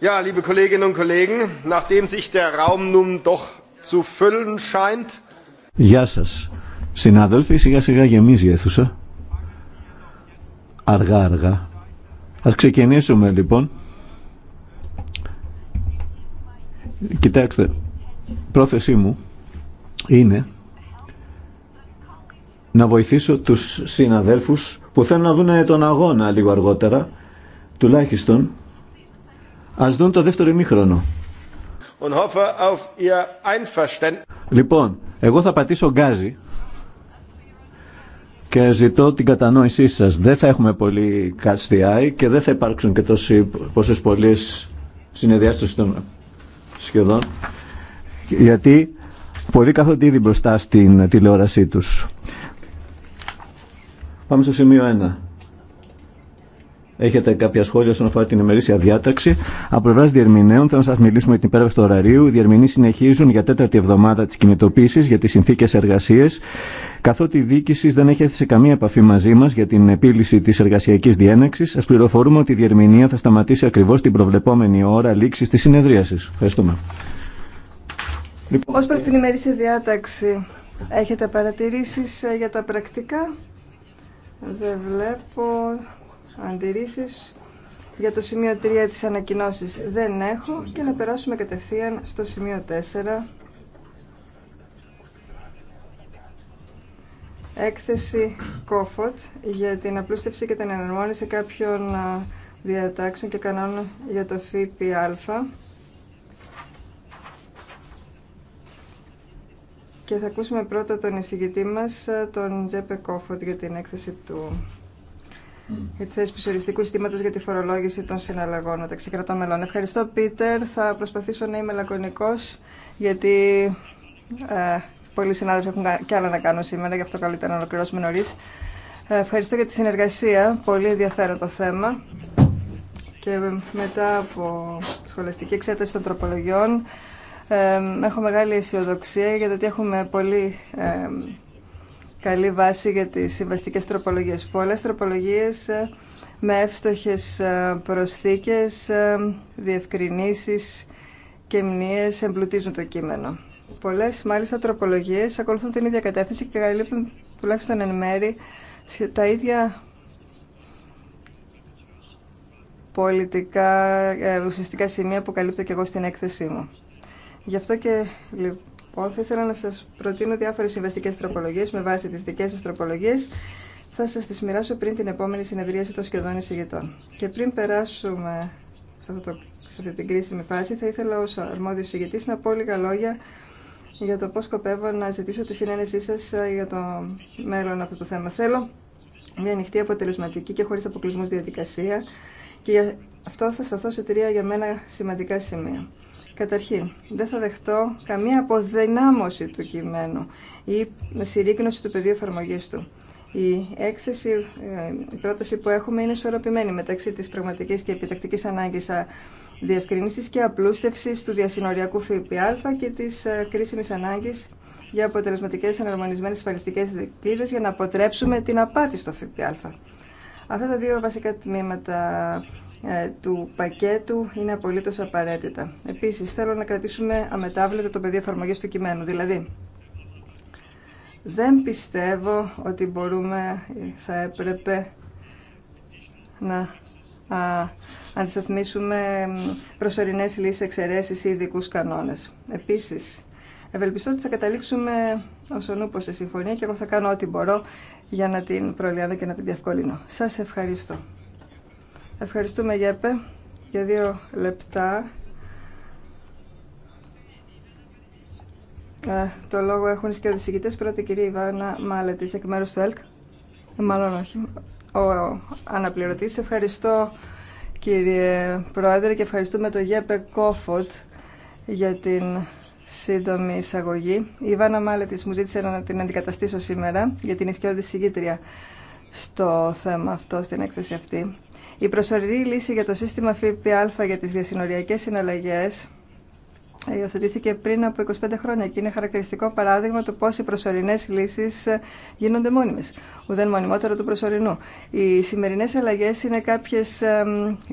Ja, liebe Kolleginnen und Kollegen, nachdem sich der Raum nun doch zu füllen scheint. Γεια σας. Συνάδελφοι, σιγά σιγά γεμίζει η αίθουσα. Αργά αργά. Ας ξεκινήσουμε λοιπόν. Κοιτάξτε, πρόθεσή μου είναι να βοηθήσω τους συναδέλφους που θέλουν να δουν τον αγώνα λίγο αργότερα, τουλάχιστον Ας δουν το δεύτερο ημίχρονο. Λοιπόν, εγώ θα πατήσω γκάζι και ζητώ την κατανόησή σας. Δεν θα έχουμε πολύ καστιάι και δεν θα υπάρξουν και τόσοι, πόσες πολλές συνεδριάσεις των σχεδόν γιατί πολλοί κάθονται ήδη μπροστά στην τηλεόρασή τους. Πάμε στο σημείο 1 έχετε κάποια σχόλια όσον αφορά την ημερήσια διάταξη. Από πλευρά διερμηνέων, θέλω να σα μιλήσουμε για την υπέρβαση του ωραρίου. Οι διερμηνεί συνεχίζουν για τέταρτη εβδομάδα τι κινητοποίησει για τι συνθήκε εργασία, καθότι η διοίκηση δεν έχει έρθει σε καμία επαφή μαζί μα για την επίλυση τη εργασιακή διένεξη. Σα πληροφορούμε ότι η διερμηνία θα σταματήσει ακριβώ την προβλεπόμενη ώρα λήξη τη συνεδρίαση. Ευχαριστούμε. Λοιπόν, Ω προ την ημερήσια διάταξη, έχετε παρατηρήσει ε, για τα πρακτικά. Δεν βλέπω αντιρρήσεις για το σημείο 3 της ανακοινώσεις δεν έχω και να περάσουμε κατευθείαν στο σημείο 4 έκθεση COFOT για την απλούστευση και την εναρμόνιση κάποιων διατάξεων και κανόνων για το ΦΠΑ και θα ακούσουμε πρώτα τον εισηγητή μας τον Τζέπε Κόφωτ για την έκθεση του η τη συστήματο για τη φορολόγηση των συναλλαγών μεταξύ κρατών μελών. Ευχαριστώ, Πίτερ. Θα προσπαθήσω να είμαι λακωνικό, γιατί ε, πολλοί συνάδελφοι έχουν και άλλα να κάνουν σήμερα, γι' αυτό καλύτερα να ολοκληρώσουμε νωρί. Ε, ευχαριστώ για τη συνεργασία. Πολύ ενδιαφέρον το θέμα. Και μετά από σχολαστική εξέταση των τροπολογιών, ε, έχω μεγάλη αισιοδοξία γιατί έχουμε πολύ. Ε, καλή βάση για τις συμβαστικές τροπολογίες. Πολλές τροπολογίες ε, με εύστοχες ε, προσθήκες, ε, διευκρινήσεις και μνήες εμπλουτίζουν το κείμενο. Πολλές μάλιστα τροπολογίες ακολουθούν την ίδια κατεύθυνση και καλύπτουν τουλάχιστον εν μέρη τα ίδια πολιτικά ουσιαστικά σημεία που καλύπτω και εγώ στην έκθεσή μου. Γι' αυτό και λοιπόν, θα ήθελα να σα προτείνω διάφορε συμβαστικέ τροπολογίε με βάση τι δικέ σα τροπολογίε Θα σα τι μοιράσω πριν την επόμενη συνεδρίαση των σχεδόν εισηγητών. Και πριν περάσουμε σε, αυτό το, σε αυτή την κρίσιμη φάση, θα ήθελα ω αρμόδιο εισηγητής να πω λίγα λόγια για το πώ σκοπεύω να ζητήσω τη συνένεσή σα ε, για το μέλλον αυτό το θέμα. Θέλω μια ανοιχτή, αποτελεσματική και χωρί αποκλεισμού διαδικασία και για αυτό θα σταθώ σε τρία για μένα σημαντικά σημεία. Καταρχήν, δεν θα δεχτώ καμία αποδυνάμωση του κειμένου ή συρρήκνωση του πεδίου εφαρμογή του. Η έκθεση, ε, η πρόταση που έχουμε είναι ισορροπημένη μεταξύ της πραγματικής και επιτακτικής ανάγκης διευκρίνηση και απλούστευσης του διασυνοριακού ΦΠΑ και της ε, κρίσιμης ανάγκης για αποτελεσματικές εναρμονισμένες ασφαλιστικές δικλείδες για να αποτρέψουμε την απάτη στο ΦΠΑ. Αυτά τα δύο βασικά τμήματα ε, του πακέτου είναι απολύτως απαραίτητα. Επίσης, θέλω να κρατήσουμε αμετάβλητα το πεδίο εφαρμογή του κειμένου. Δηλαδή, δεν πιστεύω ότι μπορούμε ε, θα έπρεπε να αντισταθμίσουμε προσωρινές λύσεις εξαιρέσεις ή ειδικού κανόνες. Επίσης, ευελπιστώ ότι θα καταλήξουμε όσον νούπο σε συμφωνία και εγώ θα κάνω ό,τι μπορώ για να την προλυάνω και να την διευκολύνω. Σας ευχαριστώ. Ευχαριστούμε Γέπε για δύο λεπτά. Ε, το λόγο έχουν οι σκιοδησηγητές. πρώτη κυρία Ιβάνα Μάλετης εκ μέρους του ΕΛΚ. Ε, μάλλον όχι. Ο, ο αναπληρωτής. Ευχαριστώ κύριε Πρόεδρε και ευχαριστούμε το Γέπε Κόφωτ για την σύντομη εισαγωγή. Η Ιβάνα Μάλετης μου ζήτησε να την αντικαταστήσω σήμερα για την ισκιώδη συγκήτρια στο θέμα αυτό, στην έκθεση αυτή. Η προσωρινή λύση για το σύστημα ΦΠΑ για τις διασυνοριακές συναλλαγές υιοθετήθηκε πριν από 25 χρόνια και είναι χαρακτηριστικό παράδειγμα του πώς οι προσωρινές λύσεις γίνονται μόνιμες, ουδέν μονιμότερο του προσωρινού. Οι σημερινές αλλαγές είναι κάποιες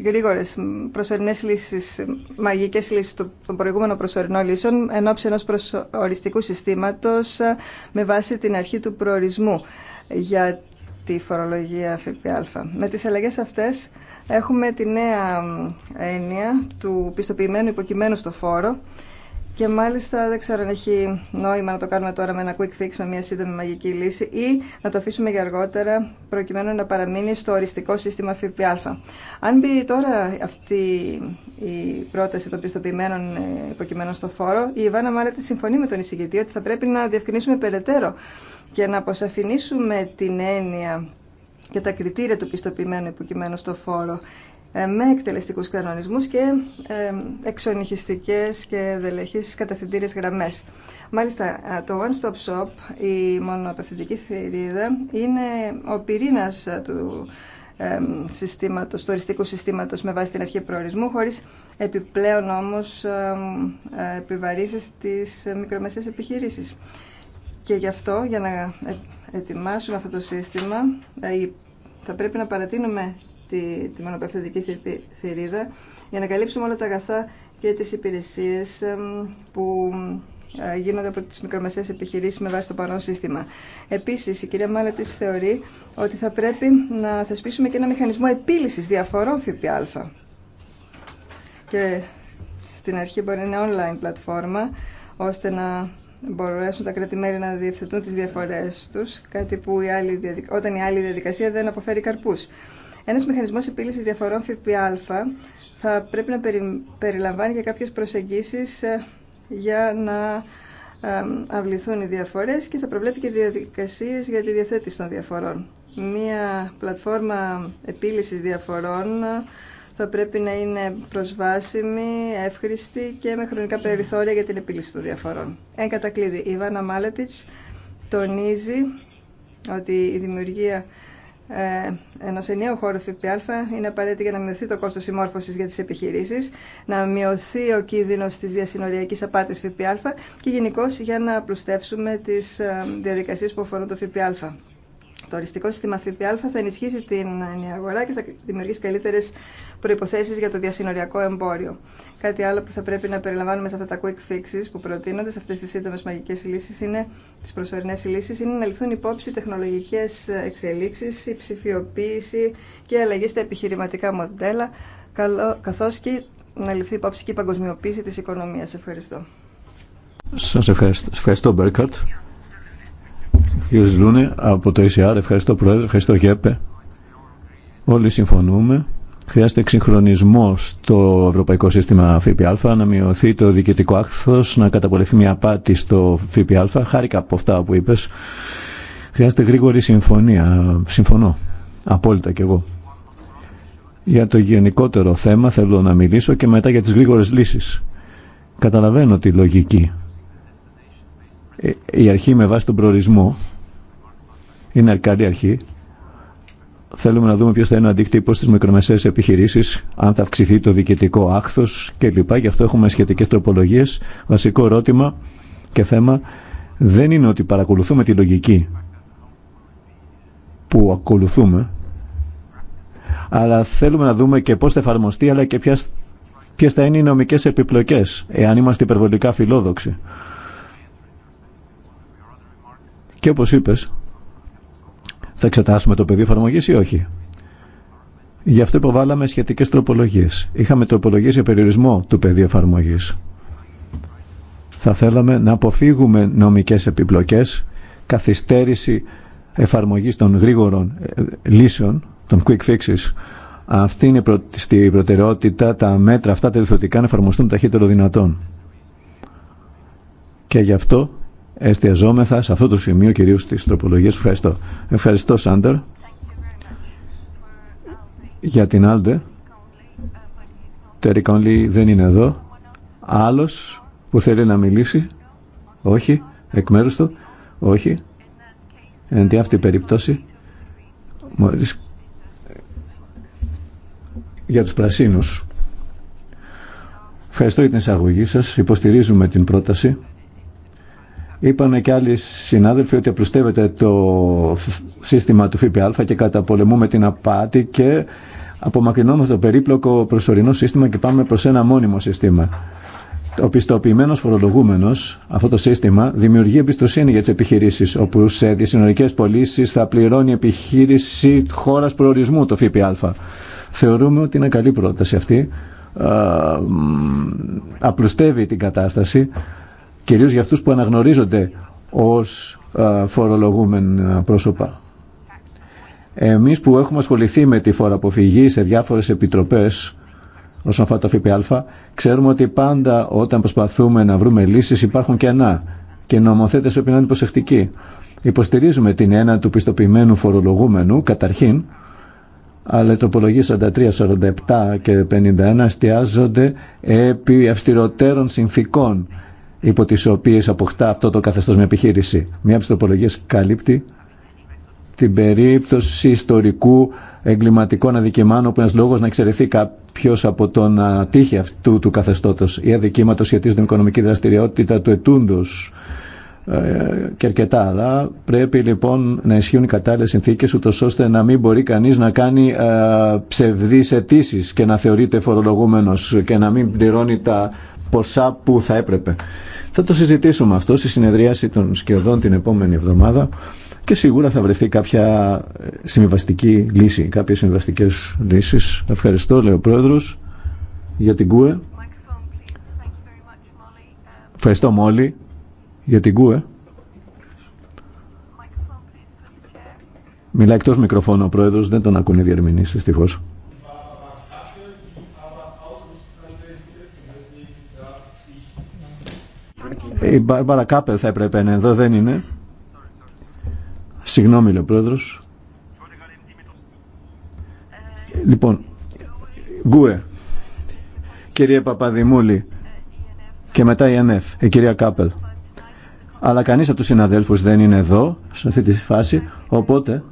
γρήγορες προσωρινές λύσεις, μαγικές λύσεις των προηγούμενων προσωρινών λύσεων εν ώψη ενός προσωριστικού συστήματος ε, με βάση την αρχή του προορισμού για τη φορολογία ΦΠΑ. Με τις αλλαγές αυτές έχουμε τη νέα έννοια του πιστοποιημένου υποκειμένου στο φόρο και μάλιστα δεν ξέρω αν έχει νόημα να το κάνουμε τώρα με ένα quick fix, με μια σύντομη μαγική λύση ή να το αφήσουμε για αργότερα προκειμένου να παραμείνει στο οριστικό σύστημα ΦΠΑ. Αν μπει τώρα αυτή η πρόταση των πιστοποιημένων ε, υποκειμένων στο φόρο, η Ιβάνα Μάλετη συμφωνεί με τον εισηγητή ότι θα πρέπει να διευκρινίσουμε περαιτέρω και να αποσαφηνίσουμε την έννοια και τα κριτήρια του πιστοποιημένου υποκειμένου στο φόρο ε, με εκτελεστικούς κανονισμούς και ε, εξονυχιστικές και δελεχείς καταθεντήριες γραμμές. Μάλιστα, ε, το One Stop Shop, η μονοαπευθυντική θηρίδα, είναι ο πυρήνας του συστήματος, του οριστικού συστήματος με βάση την αρχή προορισμού, χωρίς επιπλέον όμως επιβαρύσεις στις μικρομεσαίες επιχειρήσεις. Και γι' αυτό, για να ε, ετοιμάσουμε αυτό το σύστημα, ε, θα πρέπει να παρατείνουμε τη, τη μονοπευθυντική θηρίδα για να καλύψουμε όλα τα αγαθά και τις υπηρεσίες που ε, γίνονται από τις μικρομεσαίες επιχειρήσεις με βάση το παρόν σύστημα. Επίσης, η κυρία Μάλα θεωρεί ότι θα πρέπει να θεσπίσουμε και ένα μηχανισμό επίλυσης διαφορών ΦΠΑ. Και στην αρχή μπορεί να είναι online πλατφόρμα, ώστε να μπορέσουν τα κρατημέρια να διευθετούν τις διαφορές τους, κάτι που η άλλη, όταν η άλλη διαδικασία δεν αποφέρει καρπούς. Ένας μηχανισμός επίλυσης διαφορών ΦΠΑ θα πρέπει να περιλαμβάνει και κάποιες προσεγγίσεις ε, για να αυληθούν οι διαφορές και θα προβλέπει και διαδικασίες για τη διαθέτηση των διαφορών. Μία πλατφόρμα επίλυσης διαφορών θα πρέπει να είναι προσβάσιμη, εύχρηστη και με χρονικά περιθώρια για την επίλυση των διαφορών. Εν κατακλείδη, η Ιβάνα Μάλετιτς τονίζει ότι η δημιουργία ε, ενό ενιαίου χώρου ΦΠΑ είναι απαραίτητη για να μειωθεί το κόστο συμμόρφωση για τι επιχειρήσει, να μειωθεί ο κίνδυνο τη διασυνοριακή απάτη ΦΠΑ και γενικώ για να απλουστεύσουμε τι ε, διαδικασίε που αφορούν το ΦΠΑ. Το οριστικό σύστημα ΦΠΑ θα ενισχύσει την αγορά και θα δημιουργήσει καλύτερε προποθέσει για το διασυνοριακό εμπόριο. Κάτι άλλο που θα πρέπει να περιλαμβάνουμε σε αυτά τα quick fixes που προτείνονται, σε αυτέ τι σύντομε μαγικέ λύσει, είναι τι προσωρινέ λύσει, είναι να ληφθούν υπόψη τεχνολογικέ εξελίξει, η ψηφιοποίηση και αλλαγή στα επιχειρηματικά μοντέλα, καθώ και να ληφθεί υπόψη και η παγκοσμιοποίηση τη οικονομία. Ευχαριστώ. Σα ευχαριστώ, ευχαριστώ Μπέρκαρτ κύριε Ζούνε από το ECR, ευχαριστώ Πρόεδρε, ευχαριστώ Γέπε. Όλοι συμφωνούμε. Χρειάζεται εξυγχρονισμό στο ευρωπαϊκό σύστημα ΦΠΑ, να μειωθεί το διοικητικό άκθο, να καταπολεθεί μια απάτη στο ΦΠΑ. Χάρηκα από αυτά που είπε. Χρειάζεται γρήγορη συμφωνία. Συμφωνώ. Απόλυτα κι εγώ. Για το γενικότερο θέμα θέλω να μιλήσω και μετά για τι γρήγορε λύσει. Καταλαβαίνω τη λογική. Ε, η αρχή με βάση τον προορισμό είναι καλή αρχή. Θέλουμε να δούμε ποιο θα είναι ο αντίκτυπο στι μικρομεσαίε επιχειρήσει, αν θα αυξηθεί το διοικητικό άχθο κλπ. Γι' αυτό έχουμε σχετικέ τροπολογίε. Βασικό ερώτημα και θέμα δεν είναι ότι παρακολουθούμε τη λογική που ακολουθούμε, αλλά θέλουμε να δούμε και πώς θα εφαρμοστεί, αλλά και ποιε θα είναι οι νομικέ επιπλοκές, εάν είμαστε υπερβολικά φιλόδοξοι. Και όπως είπες, θα εξετάσουμε το πεδίο εφαρμογή ή όχι. Γι' αυτό υποβάλαμε σχετικέ τροπολογίε. Είχαμε τροπολογίε για περιορισμό του πεδίου εφαρμογή. Θα θέλαμε να αποφύγουμε νομικέ επιπλοκέ, καθυστέρηση εφαρμογή των γρήγορων ε, λύσεων, των quick fixes. Αυτή είναι η προτεραιότητα τα μέτρα αυτά τα διευθυντικά να εφαρμοστούν ταχύτερο δυνατόν. Και γι' αυτό εστιαζόμεθα σε αυτό το σημείο κυρίως της τροπολογίας. Ευχαριστώ. Ευχαριστώ Σάντερ για την Άλντε. Τέρι Κόνλι δεν είναι εδώ. Άλλος που θέλει να μιλήσει. Όχι. Εκ μέρους του. Όχι. Εν τη αυτή περίπτωση. Μόλις... Για τους πρασίνους. Ευχαριστώ για την εισαγωγή σας. Υποστηρίζουμε την πρόταση. Είπαν και άλλοι συνάδελφοι ότι απλουστεύεται το σύστημα του ΦΠΑ και καταπολεμούμε την απάτη και απομακρυνόμαστε το περίπλοκο προσωρινό σύστημα και πάμε προς ένα μόνιμο σύστημα. Ο πιστοποιημένο φορολογούμενος αυτό το σύστημα, δημιουργεί εμπιστοσύνη για τι επιχειρήσει, όπου σε δυσυνορικές πωλήσει θα πληρώνει επιχείρηση χώρα προορισμού το ΦΠΑ. Θεωρούμε ότι είναι καλή πρόταση αυτή. Απλουστεύει την κατάσταση κυρίως για αυτούς που αναγνωρίζονται ως ε, φορολογούμενα ε, πρόσωπα. Εμείς που έχουμε ασχοληθεί με τη φοροαποφυγή σε διάφορες επιτροπές όσον αφορά το ΦΠΑ, ξέρουμε ότι πάντα όταν προσπαθούμε να βρούμε λύσεις υπάρχουν κενά και νομοθέτε πρέπει να είναι προσεκτικοί. Υποστηρίζουμε την ένα του πιστοποιημένου φορολογούμενου καταρχήν, αλλά οι τροπολογίε 43, 47 και 51 εστιάζονται επί αυστηροτέρων συνθήκων υπό τις οποίες αποκτά αυτό το καθεστώς με επιχείρηση. Μία από τις καλύπτει την περίπτωση ιστορικού εγκληματικών αδικημάτων που ένας λόγος να εξαιρεθεί κάποιο από τον τύχη αυτού του καθεστώτος ή αδικήματο σχετίζονται με οικονομική δραστηριότητα του ετούντος ε, και αρκετά άλλα. Πρέπει λοιπόν να ισχύουν οι κατάλληλε συνθήκε, ούτω ώστε να μην μπορεί κανεί να κάνει ε, ψευδεί αιτήσει και να θεωρείται φορολογούμενο και να μην πληρώνει τα ποσά που θα έπρεπε. Θα το συζητήσουμε αυτό στη συνεδρίαση των σκιωδών την επόμενη εβδομάδα και σίγουρα θα βρεθεί κάποια ε, συμβαστική λύση, κάποιες συμβαστικές λύσεις. Ευχαριστώ, λέει ο Πρόεδρος, για την ΚΟΕ. Ευχαριστώ, Μόλι, για την ΚΟΕ. Μιλάει εκτός μικροφώνου ο Πρόεδρος, δεν τον ακούνε οι διερμηνείς, δυστυχώς. Η ε, Μπάρμπαρα Κάπελ θα έπρεπε να είναι εδώ, δεν είναι. Συγγνώμη, λέει ο πρόεδρος. Λοιπόν, Γκουε, κυρία Παπαδημούλη και μετά η ΕΝΕΦ, η κυρία Κάπελ. Αλλά κανείς από τους συναδέλφους δεν είναι εδώ, σε αυτή τη φάση, οπότε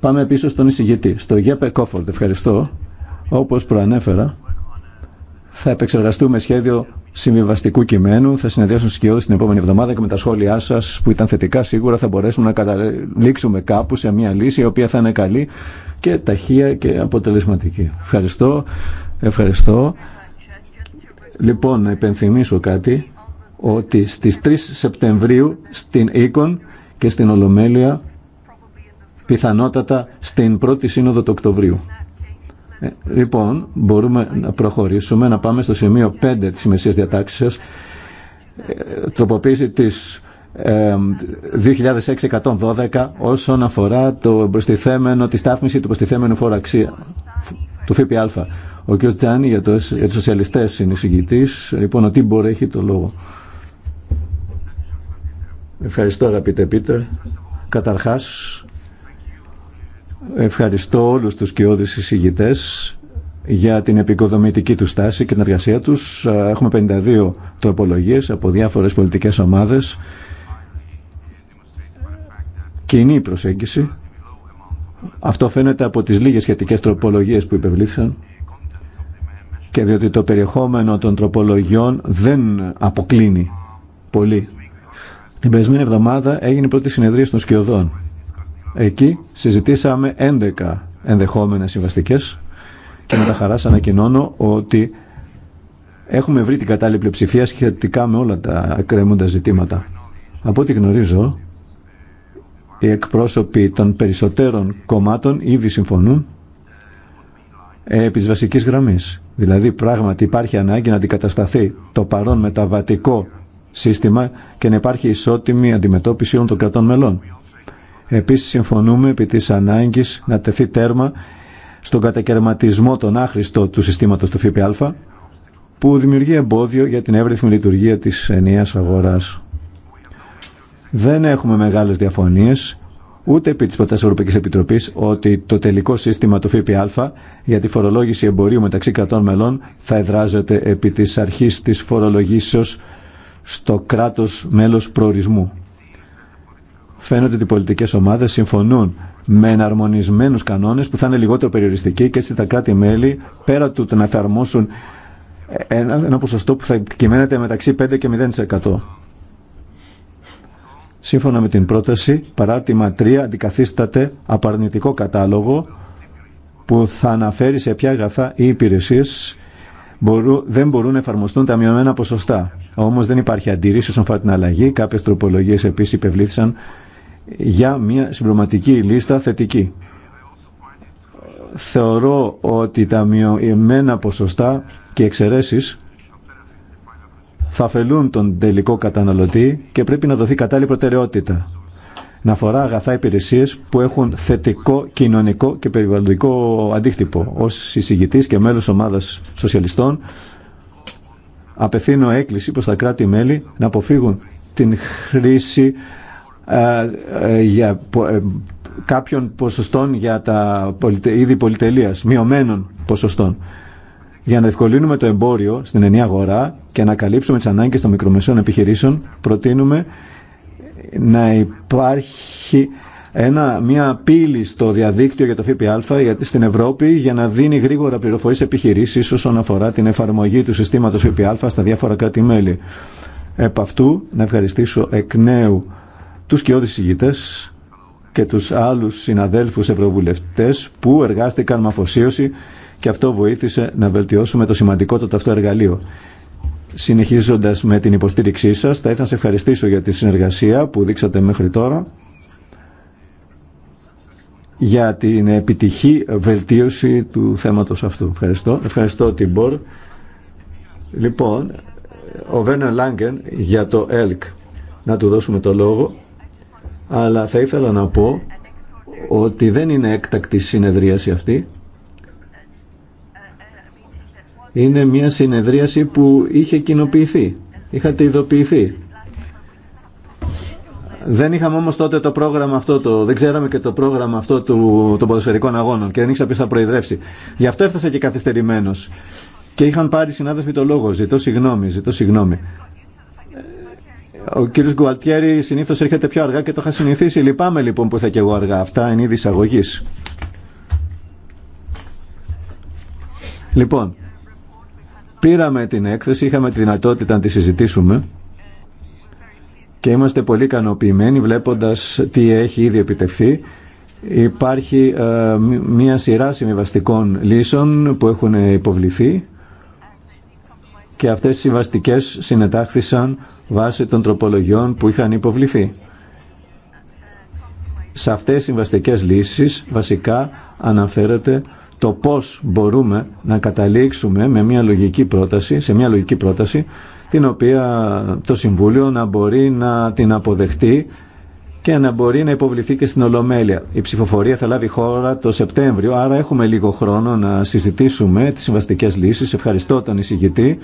πάμε πίσω στον εισηγητή, στο Γέπε Κόφορντ. Ευχαριστώ. Όπως προανέφερα, θα επεξεργαστούμε σχέδιο συμβιβαστικού κειμένου. Θα συνεδριάσουν σκιώδες την επόμενη εβδομάδα και με τα σχόλιά σα, που ήταν θετικά σίγουρα θα μπορέσουμε να καταλήξουμε κάπου σε μια λύση η οποία θα είναι καλή και ταχεία και αποτελεσματική. Ευχαριστώ. Ευχαριστώ. Λοιπόν, να υπενθυμίσω κάτι ότι στις 3 Σεπτεμβρίου στην Οίκον και στην Ολομέλεια πιθανότατα στην πρώτη σύνοδο του Οκτωβρίου. Ε, λοιπόν, μπορούμε να προχωρήσουμε, να πάμε στο σημείο 5 της ημερησίας σας. Ε, τροποποίηση της 2612 ε, όσον αφορά το προστιθέμενο, τη στάθμιση του προστιθέμενου αξία του ΦΠΑ. Ο κ. Τζάνι για, το, για τους σοσιαλιστές είναι Λοιπόν, ο Τίμπορ έχει το λόγο. Ευχαριστώ αγαπητέ Πίτερ. Καταρχάς, Ευχαριστώ όλους τους κοιόδης εισηγητές για την επικοδομητική του στάση και την εργασία τους. Έχουμε 52 τροπολογίες από διάφορες πολιτικές ομάδες. Κοινή προσέγγιση. Αυτό φαίνεται από τις λίγες σχετικές τροπολογίες που υπευλήθησαν και διότι το περιεχόμενο των τροπολογιών δεν αποκλίνει πολύ. Την περασμένη εβδομάδα έγινε η πρώτη συνεδρία των σκιωδών Εκεί συζητήσαμε 11 ενδεχόμενες συμβαστικές και με τα χαράς ανακοινώνω ότι έχουμε βρει την κατάλληλη πλειοψηφία σχετικά με όλα τα κρέμοντα ζητήματα. Από ό,τι γνωρίζω, οι εκπρόσωποι των περισσότερων κομμάτων ήδη συμφωνούν επί της βασικής γραμμής. Δηλαδή πράγματι υπάρχει ανάγκη να αντικατασταθεί το παρόν μεταβατικό σύστημα και να υπάρχει ισότιμη αντιμετώπιση όλων των κρατών μελών. Επίσης συμφωνούμε επί της ανάγκης να τεθεί τέρμα στον κατακαιρματισμό των άχρηστο του συστήματος του ΦΠΑ που δημιουργεί εμπόδιο για την εύρυθμη λειτουργία της ενιαίας αγοράς. Δεν έχουμε μεγάλες διαφωνίες ούτε επί της προτάσης Ευρωπαϊκής Επιτροπής ότι το τελικό σύστημα του ΦΠΑ για τη φορολόγηση εμπορίου μεταξύ κρατών μελών θα εδράζεται επί της αρχής της φορολογήσεως στο κράτος μέλος προορισμού φαίνεται ότι οι πολιτικέ ομάδε συμφωνούν με εναρμονισμένου κανόνε που θα είναι λιγότερο περιοριστικοί και έτσι τα κράτη-μέλη πέρα του να εφαρμόσουν ένα, ένα ποσοστό που θα κυμαίνεται μεταξύ 5 και 0%. Σύμφωνα με την πρόταση, παράρτημα 3 αντικαθίσταται απαρνητικό κατάλογο που θα αναφέρει σε ποια αγαθά ή υπηρεσίε δεν μπορούν να εφαρμοστούν τα μειωμένα ποσοστά. Όμω δεν υπάρχει αντίρρηση όσον αφορά την αλλαγή. Κάποιε τροπολογίε επίση υπευλήθησαν για μια συμπληρωματική λίστα θετική. Θεωρώ ότι τα μειωμένα ποσοστά και εξαιρέσεις θα αφαιρούν τον τελικό καταναλωτή και πρέπει να δοθεί κατάλληλη προτεραιότητα. Να αφορά αγαθά υπηρεσίε που έχουν θετικό κοινωνικό και περιβαλλοντικό αντίκτυπο. Ω συζητητή και μέλο ομάδα σοσιαλιστών, απευθύνω έκκληση προ τα κράτη-μέλη να αποφύγουν την χρήση ε, ε, για ε, κάποιων ποσοστών για τα είδη πολυτελείας, μειωμένων ποσοστών. Για να ευκολύνουμε το εμπόριο στην ενιαία αγορά και να καλύψουμε τις ανάγκες των μικρομεσαίων επιχειρήσεων, προτείνουμε να υπάρχει ένα, μια πύλη στο διαδίκτυο για το ΦΠΑ γιατί στην Ευρώπη για να δίνει γρήγορα πληροφορίες επιχειρήσεις όσον αφορά την εφαρμογή του συστήματος ΦΠΑ στα διάφορα κράτη-μέλη. Επ' αυτού να ευχαριστήσω εκ νέου τους και ηγητές και τους άλλους συναδέλφους ευρωβουλευτές που εργάστηκαν με αφοσίωση και αυτό βοήθησε να βελτιώσουμε το σημαντικό το αυτό εργαλείο. Συνεχίζοντας με την υποστήριξή σας, θα ήθελα να σε ευχαριστήσω για τη συνεργασία που δείξατε μέχρι τώρα για την επιτυχή βελτίωση του θέματος αυτού. Ευχαριστώ. Ευχαριστώ, Τιμπορ. Λοιπόν, ο Βέρνερ Λάγκεν για το ΕΛΚ. Να του δώσουμε το λόγο αλλά θα ήθελα να πω ότι δεν είναι έκτακτη συνεδρίαση αυτή. Είναι μια συνεδρίαση που είχε κοινοποιηθεί, είχατε ειδοποιηθεί. Δεν είχαμε όμως τότε το πρόγραμμα αυτό, το, δεν ξέραμε και το πρόγραμμα αυτό του, των ποδοσφαιρικών αγώνων και δεν ήξερα ποιο θα προεδρεύσει. Γι' αυτό έφτασα και καθυστερημένος Και είχαν πάρει συνάδελφοι το λόγο. Ζητώ συγγνώμη, ζητώ συγγνώμη. Ο κύριος Γκουαλτιέρη συνήθω έρχεται πιο αργά και το είχα συνηθίσει. Λυπάμαι λοιπόν που ήρθα και εγώ αργά. Αυτά είναι είδη εισαγωγή. Λοιπόν, πήραμε την έκθεση, είχαμε τη δυνατότητα να τη συζητήσουμε και είμαστε πολύ ικανοποιημένοι βλέποντας τι έχει ήδη επιτευχθεί. Υπάρχει ε, μία σειρά συμβιβαστικών λύσεων που έχουν υποβληθεί και αυτές οι συμβαστικές συνετάχθησαν βάσει των τροπολογιών που είχαν υποβληθεί. Σε αυτές οι συμβαστικές λύσεις βασικά αναφέρεται το πώς μπορούμε να καταλήξουμε με μια λογική πρόταση, σε μια λογική πρόταση την οποία το Συμβούλιο να μπορεί να την αποδεχτεί και να μπορεί να υποβληθεί και στην Ολομέλεια. Η ψηφοφορία θα λάβει χώρα το Σεπτέμβριο, άρα έχουμε λίγο χρόνο να συζητήσουμε τις συμβαστικές λύσεις. Ευχαριστώ τον εισηγητή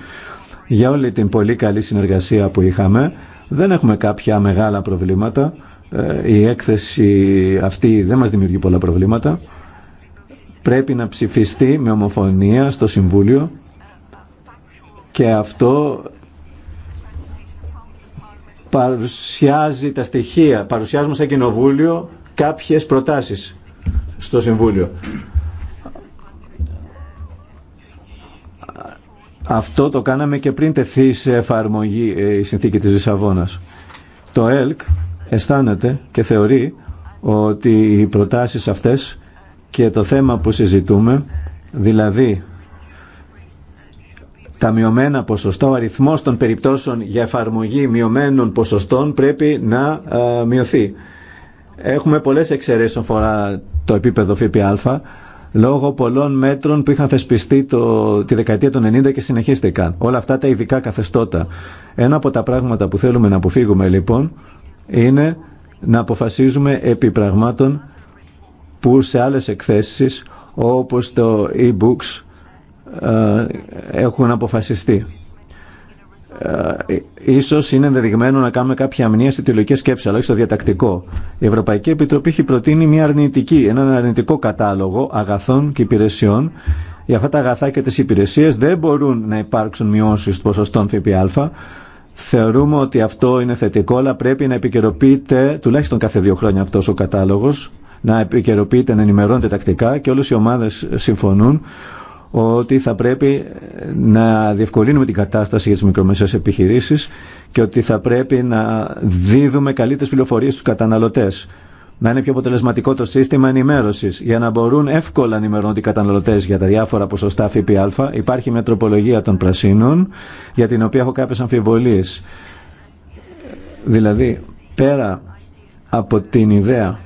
για όλη την πολύ καλή συνεργασία που είχαμε. Δεν έχουμε κάποια μεγάλα προβλήματα. Ε, η έκθεση αυτή δεν μας δημιουργεί πολλά προβλήματα. Πρέπει να ψηφιστεί με ομοφωνία στο Συμβούλιο και αυτό παρουσιάζει τα στοιχεία, παρουσιάζουμε σαν κοινοβούλιο κάποιες προτάσεις στο Συμβούλιο. Αυτό το κάναμε και πριν τεθεί σε εφαρμογή ε, η συνθήκη της Λισαβόνας. Το ΕΛΚ αισθάνεται και θεωρεί ότι οι προτάσεις αυτές και το θέμα που συζητούμε, δηλαδή τα μειωμένα ποσοστό ο αριθμός των περιπτώσεων για εφαρμογή μειωμένων ποσοστών πρέπει να ε, μειωθεί. Έχουμε πολλές εξαιρέσεις αφορά το επίπεδο ΦΠΑ λόγω πολλών μέτρων που είχαν θεσπιστεί το, τη δεκαετία των 90 και συνεχίστηκαν. Όλα αυτά τα ειδικά καθεστώτα. Ένα από τα πράγματα που θέλουμε να αποφύγουμε λοιπόν είναι να αποφασίζουμε επί πραγμάτων που σε άλλες εκθέσεις όπως το e-books ε, έχουν αποφασιστεί. Ε, ίσως είναι ενδεδειγμένο να κάνουμε κάποια αμνία στη τηλεολογική σκέψη, αλλά όχι στο διατακτικό. Η Ευρωπαϊκή Επιτροπή έχει προτείνει μια αρνητική, έναν αρνητικό κατάλογο αγαθών και υπηρεσιών. Για αυτά τα αγαθά και τις υπηρεσίες δεν μπορούν να υπάρξουν μειώσεις ποσοστών ΦΠΑ. Θεωρούμε ότι αυτό είναι θετικό, αλλά πρέπει να επικαιροποιείται τουλάχιστον κάθε δύο χρόνια αυτός ο κατάλογος, να επικαιροποιείται, να ενημερώνεται τακτικά και όλες οι ομάδες συμφωνούν ότι θα πρέπει να διευκολύνουμε την κατάσταση για τις μικρομεσαίες επιχειρήσεις και ότι θα πρέπει να δίδουμε καλύτερες πληροφορίες στους καταναλωτές. Να είναι πιο αποτελεσματικό το σύστημα ενημέρωση για να μπορούν εύκολα να ενημερώνονται οι καταναλωτέ για τα διάφορα ποσοστά ΦΠΑ. Υπάρχει μια τροπολογία των πρασίνων για την οποία έχω κάποιε αμφιβολίε. Δηλαδή, πέρα από την ιδέα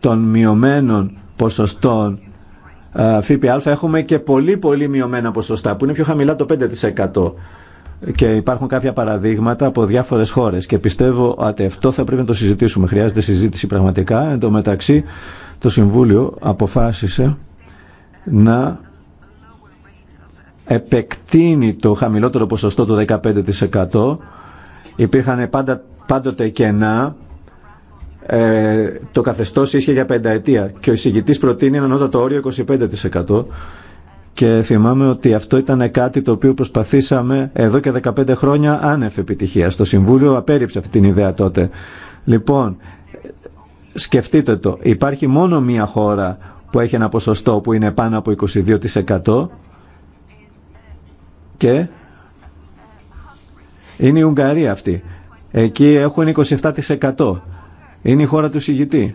των μειωμένων ποσοστών ΦΠΑ έχουμε και πολύ πολύ μειωμένα ποσοστά που είναι πιο χαμηλά το 5% και υπάρχουν κάποια παραδείγματα από διάφορες χώρες και πιστεύω ότι αυτό θα πρέπει να το συζητήσουμε. Χρειάζεται συζήτηση πραγματικά. Εν τω μεταξύ το Συμβούλιο αποφάσισε να επεκτείνει το χαμηλότερο ποσοστό το 15%. Υπήρχαν πάντα, πάντοτε κενά ε, το καθεστώς ίσχυε για πενταετία και ο εισηγητής προτείνει ένα νότατο όριο 25% και θυμάμαι ότι αυτό ήταν κάτι το οποίο προσπαθήσαμε εδώ και 15 χρόνια άνευ επιτυχία. Το Συμβούλιο απέρριψε αυτή την ιδέα τότε. Λοιπόν, σκεφτείτε το. Υπάρχει μόνο μία χώρα που έχει ένα ποσοστό που είναι πάνω από 22% και είναι η Ουγγαρία αυτή. Εκεί έχουν 27%. Είναι η χώρα του συγητή.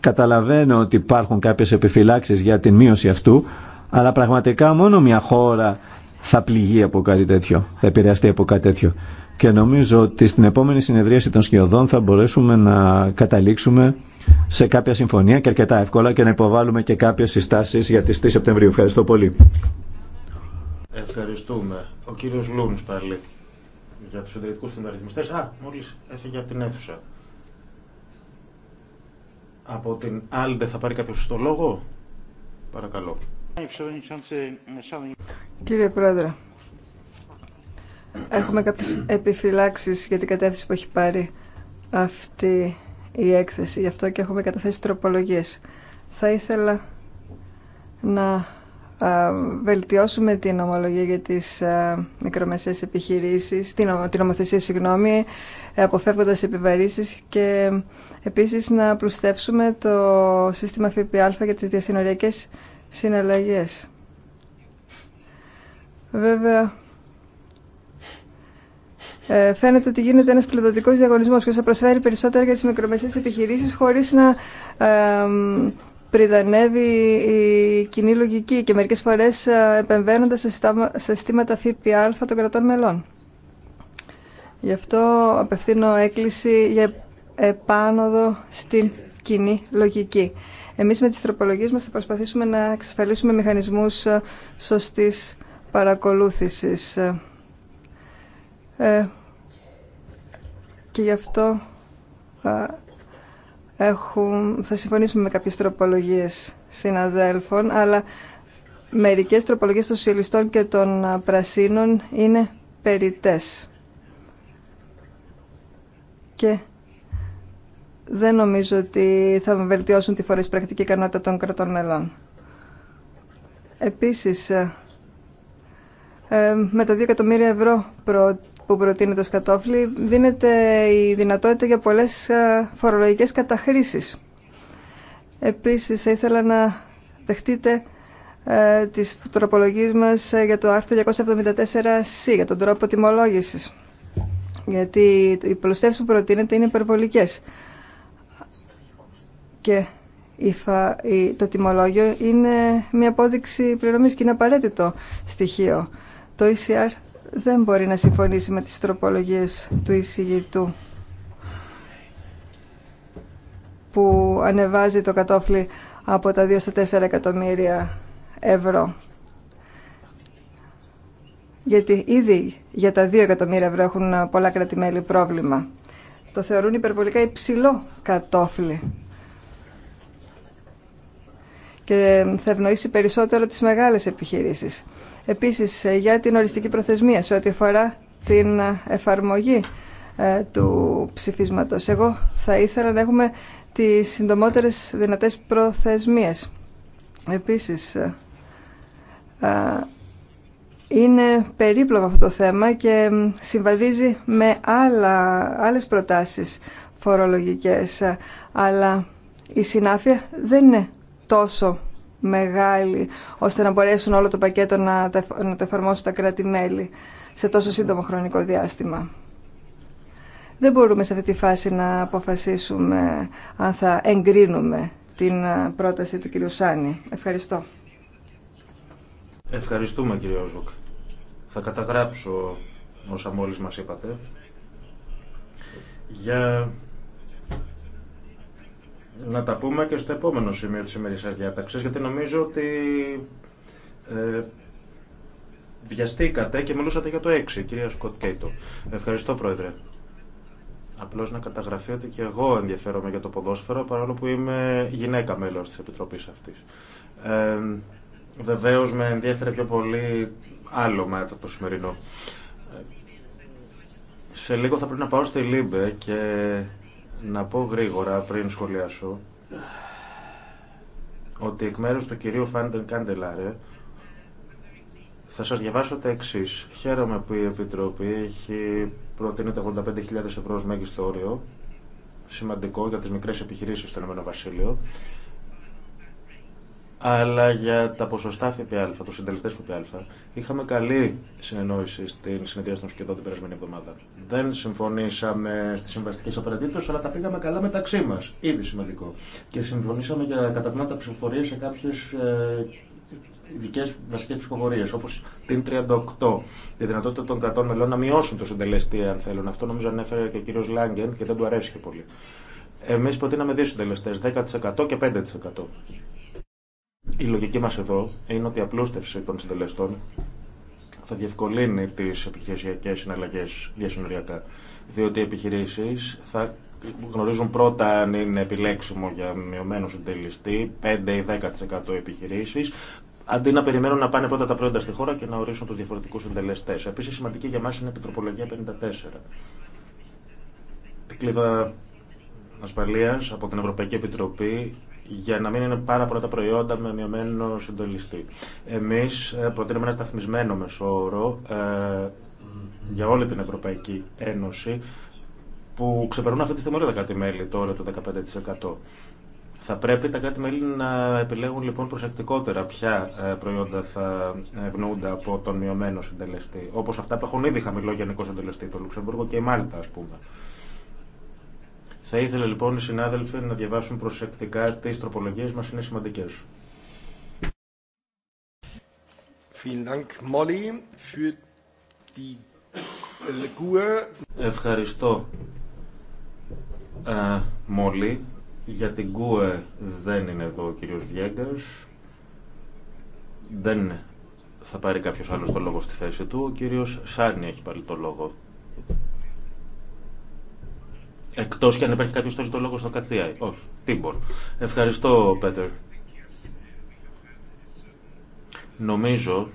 Καταλαβαίνω ότι υπάρχουν κάποιες επιφυλάξεις για την μείωση αυτού, αλλά πραγματικά μόνο μια χώρα θα πληγεί από κάτι τέτοιο, θα επηρεαστεί από κάτι τέτοιο. Και νομίζω ότι στην επόμενη συνεδρίαση των σκιωδών θα μπορέσουμε να καταλήξουμε σε κάποια συμφωνία και αρκετά εύκολα και να υποβάλουμε και κάποιες συστάσεις για τις 3 Σεπτεμβρίου. Ευχαριστώ πολύ. Ευχαριστούμε. Ο κύριος πάλι για τους και φινδαρισμιστές. Α, μόλις έφυγε από την αίθουσα. Από την δεν θα πάρει κάποιος στο λόγο. Παρακαλώ. Κύριε Πρόεδρε, έχουμε κάποιες επιφυλάξεις για την κατεύθυνση που έχει πάρει αυτή η έκθεση. Γι' αυτό και έχουμε καταθέσει τροπολογίες. Θα ήθελα να βελτιώσουμε την ομολογία για τις μικρομεσαίες επιχειρήσεις, την, την ομοθεσία συγγνώμη, αποφεύγοντας επιβαρύσεις και επίσης να πλουστεύσουμε το σύστημα ΦΠΑ για τις διασυνοριακές συναλλαγές. Βέβαια, ε, φαίνεται ότι γίνεται ένας πληροδοτικός διαγωνισμός που θα προσφέρει περισσότερα για τις μικρομεσαίες επιχειρήσεις χωρίς να ε, πριδανεύει η κοινή λογική και μερικές φορές ε, επεμβαίνοντας σε συστήματα ΦΠΑ των κρατών μελών. Γι' αυτό απευθύνω έκκληση για επάνωδο στην κοινή λογική. Εμείς με τις τροπολογίες μας θα προσπαθήσουμε να εξασφαλίσουμε μηχανισμούς ε, σωστής παρακολούθησης. Ε, και γι' αυτό έχουν, θα συμφωνήσουμε με κάποιες τροπολογίες συναδέλφων, αλλά μερικές τροπολογίες των σιωλιστών και των πρασίνων είναι περιτές. Και δεν νομίζω ότι θα βελτιώσουν τη φορές πρακτική ικανότητα των κρατών μελών. Επίσης, ε, ε, με τα 2 εκατομμύρια ευρώ που προτείνεται ως κατόφλι δίνεται η δυνατότητα για πολλές ε, φορολογικές καταχρήσεις. Επίσης θα ήθελα να δεχτείτε ε, τις τροπολογίες μας ε, για το άρθρο 274C, για τον τρόπο τιμολόγησης. Γιατί οι πλουστεύσεις που προτείνεται είναι υπερβολικές. Και το τιμολόγιο είναι μια απόδειξη πληρωμής και είναι απαραίτητο στοιχείο. Το ECR δεν μπορεί να συμφωνήσει με τις τροπολογίες του εισηγητού που ανεβάζει το κατόφλι από τα 2 στα 4 εκατομμύρια ευρώ. Γιατί ήδη για τα 2 εκατομμύρια ευρώ έχουν πολλά κρατημέλη πρόβλημα. Το θεωρούν υπερβολικά υψηλό κατόφλι. Και θα ευνοήσει περισσότερο τις μεγάλες επιχειρήσεις. Επίσης, ε, για την οριστική προθεσμία σε ό,τι αφορά την ε, εφαρμογή ε, του ψηφίσματος. Εγώ θα ήθελα να έχουμε τις συντομότερες δυνατές προθεσμίες. Επίσης, είναι περίπλοκο αυτό το θέμα και συμβαδίζει με άλλα, άλλες προτάσεις φορολογικές, αλλά η συνάφεια δεν είναι τόσο μεγάλη ώστε να μπορέσουν όλο το πακέτο να, να το εφαρμόσουν τα κράτη-μέλη σε τόσο σύντομο χρονικό διάστημα. Δεν μπορούμε σε αυτή τη φάση να αποφασίσουμε αν θα εγκρίνουμε την ε, πρόταση του κυρίου Σάνη. Ευχαριστώ. Ευχαριστούμε κ. Ζουκ. Θα καταγράψω όσα μόλις μας είπατε για να τα πούμε και στο επόμενο σημείο της σημερινής διάταξης, γιατί νομίζω ότι ε, βιαστήκατε και μιλούσατε για το 6, κυρία Σκοτ Κέιτο. Ευχαριστώ, Πρόεδρε. Απλώ να καταγραφεί ότι και εγώ ενδιαφέρομαι για το ποδόσφαιρο, παρόλο που είμαι γυναίκα μέλο τη επιτροπής αυτή. Ε, Βεβαίω με ενδιαφέρει πιο πολύ άλλο μάτσα το σημερινό. σε λίγο θα πρέπει να πάω στη Λίμπε και να πω γρήγορα πριν σχολιάσω ότι εκ μέρους του κυρίου Φάντεν Καντελάρε θα σας διαβάσω τα εξή. Χαίρομαι που η Επιτροπή έχει προτείνει τα 85.000 ευρώ ως μέγιστο όριο, σημαντικό για τις μικρές επιχειρήσεις στο Ηνωμένο Βασίλειο, αλλά για τα ποσοστά ΦΠΑ, του συντελεστέ ΦΠΑ, είχαμε καλή συνεννόηση στην συνεδρία των σχεδόν την περασμένη εβδομάδα. Δεν συμφωνήσαμε στι συμβαστικέ απαραίτητε, αλλά τα πήγαμε καλά μεταξύ μα. Ήδη σημαντικό. Και συμφωνήσαμε για κατά τμήματα ψηφοφορίε σε κάποιε ειδικέ βασικέ ψηφοφορίε, όπω την 38, τη δυνατότητα των κρατών μελών να μειώσουν το συντελεστή, αν θέλουν. Αυτό νομίζω ανέφερε και ο κύριο Λάγκεν και δεν του αρέσει και πολύ. Εμεί προτείναμε δύο συντελεστέ, 10% και 5%. Η λογική μας εδώ είναι ότι η απλούστευση των συντελεστών θα διευκολύνει τις επιχειρησιακές συναλλαγές διασυνοριακά, διότι οι επιχειρήσεις θα γνωρίζουν πρώτα αν είναι επιλέξιμο για μειωμένο συντελεστή, 5 ή 10% επιχειρήσεις, αντί να περιμένουν να πάνε πρώτα τα προϊόντα στη χώρα και να ορίσουν του διαφορετικού συντελεστέ. Επίση, σημαντική για μα είναι η Επιτροπολογία 54. Την κλίδα ασφαλεία από την Ευρωπαϊκή Επιτροπή για να μην είναι πάρα πολλά τα προϊόντα με μειωμένο συντελεστή. Εμείς ε, προτείνουμε ένα σταθμισμένο μεσόωρο ε, για όλη την Ευρωπαϊκή Ένωση που ξεπερνούν αυτή τη στιγμή όλα τα κράτη-μέλη, το 15%. Θα πρέπει τα κράτη-μέλη να επιλέγουν λοιπόν προσεκτικότερα ποια ε, προϊόντα θα ευνοούνται από τον μειωμένο συντελεστή, όπως αυτά που έχουν ήδη χαμηλό γενικό συντελεστή, το Λουξεμβούργο και η Μάλτα ας πούμε. Θα ήθελα λοιπόν οι συνάδελφοι να διαβάσουν προσεκτικά τι τροπολογίε μας, είναι σημαντικέ. Äh, Ευχαριστώ, ε, Μόλι. Για την ΚΟΕ δεν είναι εδώ ο κύριος Βιέγκας. Δεν θα πάρει κάποιος άλλος το λόγο στη θέση του. Ο κύριος Σάνι έχει πάλι το λόγο. Εκτός και αν υπάρχει κάποιος θέλει το λόγο στο Κατσιάι. Όχι. Τίμπορ. Ευχαριστώ, Πέτερ. Νομίζω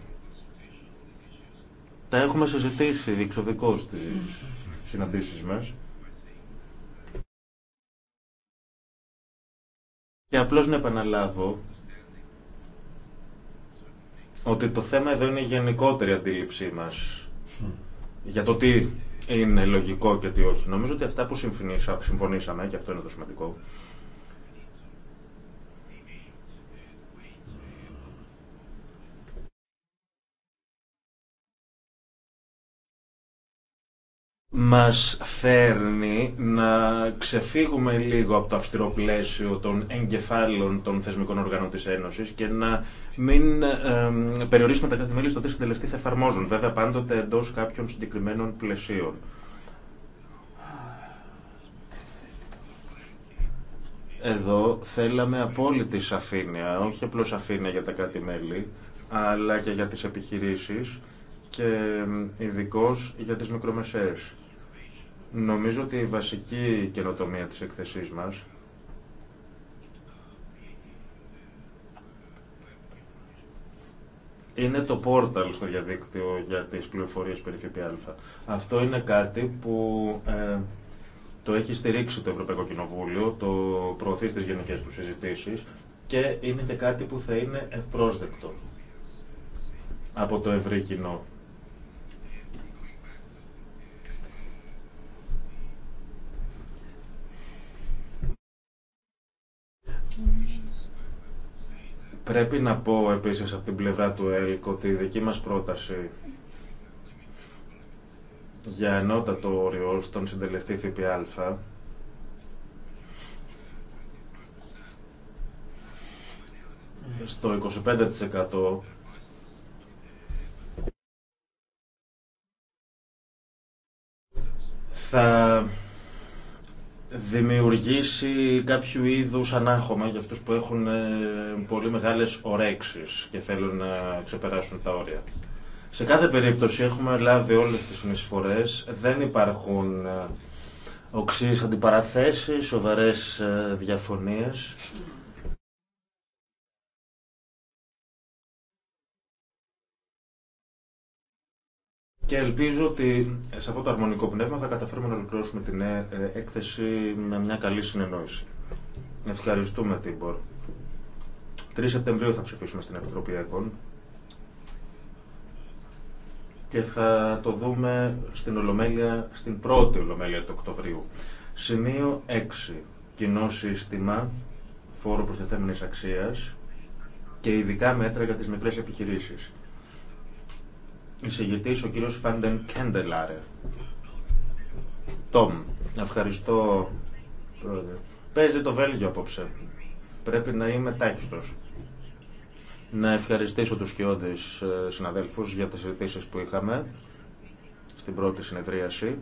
τα έχουμε συζητήσει διεξοδικώς στις συναντήσεις μας. Και απλώς να επαναλάβω ότι το θέμα εδώ είναι η γενικότερη αντίληψή μας για το τι είναι λογικό και τι όχι. Νομίζω ότι αυτά που συμφωνήσαμε, και αυτό είναι το σημαντικό, μας φέρνει να ξεφύγουμε λίγο από το αυστηρό πλαίσιο των εγκεφάλων των θεσμικών οργάνων της Ένωσης και να μην ε, περιορίσουμε τα κράτη-μέλη στο τι συντελεστή θα εφαρμόζουν, βέβαια πάντοτε εντός κάποιων συγκεκριμένων πλαισίων. Εδώ θέλαμε απόλυτη σαφήνεια, όχι απλώς σαφήνεια για τα κράτη-μέλη, αλλά και για τις επιχειρήσεις και ειδικώς για τις μικρομεσαίες. Νομίζω ότι η βασική καινοτομία της εκθεσής μας είναι το πόρταλ στο διαδίκτυο για τις πληροφορίες περί ΦΠΑ. Αυτό είναι κάτι που ε, το έχει στηρίξει το Ευρωπαϊκό Κοινοβούλιο, το προωθεί στις γενικές του συζητήσεις και είναι και κάτι που θα είναι ευπρόσδεκτο από το ευρύ κοινό. Πρέπει να πω επίσης από την πλευρά του ΕΛΚ ότι η δική μας πρόταση για ενότατο όριο στον συντελεστή ΦΠΑ στο 25% θα δημιουργήσει κάποιο είδους ανάγχωμα για αυτούς που έχουν ε, πολύ μεγάλες ορέξεις και θέλουν να ξεπεράσουν τα όρια. Σε κάθε περίπτωση έχουμε λάβει όλες τις συνεισφορές, δεν υπάρχουν ε, οξύς αντιπαραθέσεις, σοβαρές ε, διαφωνίες. Και ελπίζω ότι σε αυτό το αρμονικό πνεύμα θα καταφέρουμε να ολοκληρώσουμε την ε, έκθεση με μια καλή συνεννόηση. Ευχαριστούμε, Τίμπορ. 3 Σεπτεμβρίου θα ψηφίσουμε στην Επιτροπή ΕΚΟΝ και θα το δούμε στην, ολομέλεια, στην πρώτη Ολομέλεια του Οκτωβρίου. Σημείο 6. Κοινό σύστημα φόρου προστιθέμενης αξίας και ειδικά μέτρα για τις μικρές επιχειρήσεις. Εισηγητής ο κύριος Φάντεν Κέντελάρε. Τόμ, ευχαριστώ πρόεδρε. Παίζει το Βέλγιο απόψε. Πρέπει να είμαι τάχιστος. Να ευχαριστήσω τους κοιόδης ε, συναδέλφους για τις συζητήσει που είχαμε στην πρώτη συνεδρίαση.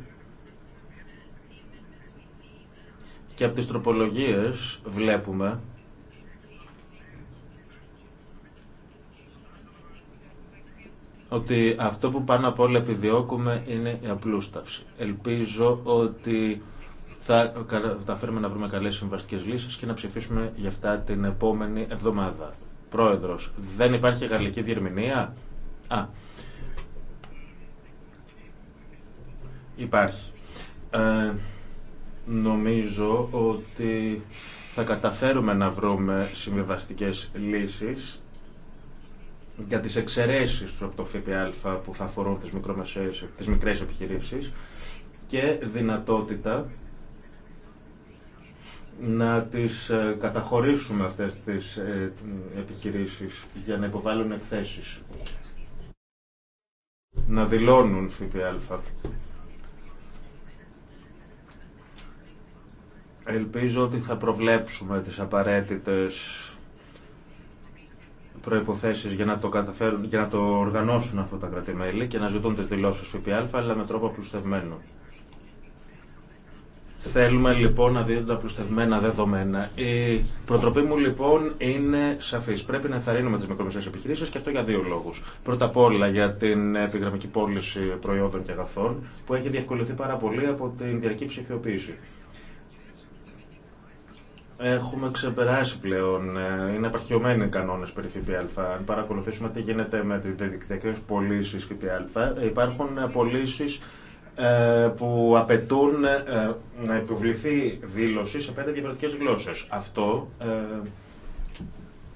Και από τις τροπολογίες βλέπουμε ότι αυτό που πάνω απ' όλα επιδιώκουμε είναι η απλούσταυση. Ελπίζω ότι θα καταφέρουμε να βρούμε καλές συμβαστικές λύσεις και να ψηφίσουμε για αυτά την επόμενη εβδομάδα. Πρόεδρος, δεν υπάρχει γαλλική διερμηνία. Α, υπάρχει. Ε, νομίζω ότι θα καταφέρουμε να βρούμε συμβαστικές λύσεις για τις εξαιρέσεις του από το ΦΠΑ που θα αφορούν τις, τις μικρές επιχειρήσεις και δυνατότητα να τις ε, καταχωρήσουμε αυτές τις ε, επιχειρήσεις για να υποβάλουν εκθέσεις. Να δηλώνουν ΦΠΑ. Ελπίζω ότι θα προβλέψουμε τις απαραίτητες προϋποθέσεις για να το, καταφέρουν, για να το οργανώσουν αυτό τα κρατημέλη και να ζητούν τις δηλώσεις ΦΠΑ, αλλά με τρόπο απλουστευμένο. Θέλουμε λοιπόν να τα απλουστευμένα δεδομένα. Η προτροπή μου λοιπόν είναι σαφή. Πρέπει να ενθαρρύνουμε τι μικρομεσαίε επιχειρήσει και αυτό για δύο λόγου. Πρώτα απ' όλα για την επιγραμμική πώληση προϊόντων και αγαθών που έχει διευκολυνθεί πάρα πολύ από την διαρκή ψηφιοποίηση. Έχουμε ξεπεράσει πλέον. Ε, είναι απαρχαιωμένοι οι κανόνε περί ΦΠΑ. Αν παρακολουθήσουμε τι γίνεται με τι διαδικτυακέ πωλήσει ΦΠΑ, ε, υπάρχουν πωλήσει ε, που απαιτούν να επιβληθεί δήλωση σε πέντε διαφορετικέ γλώσσε. Αυτό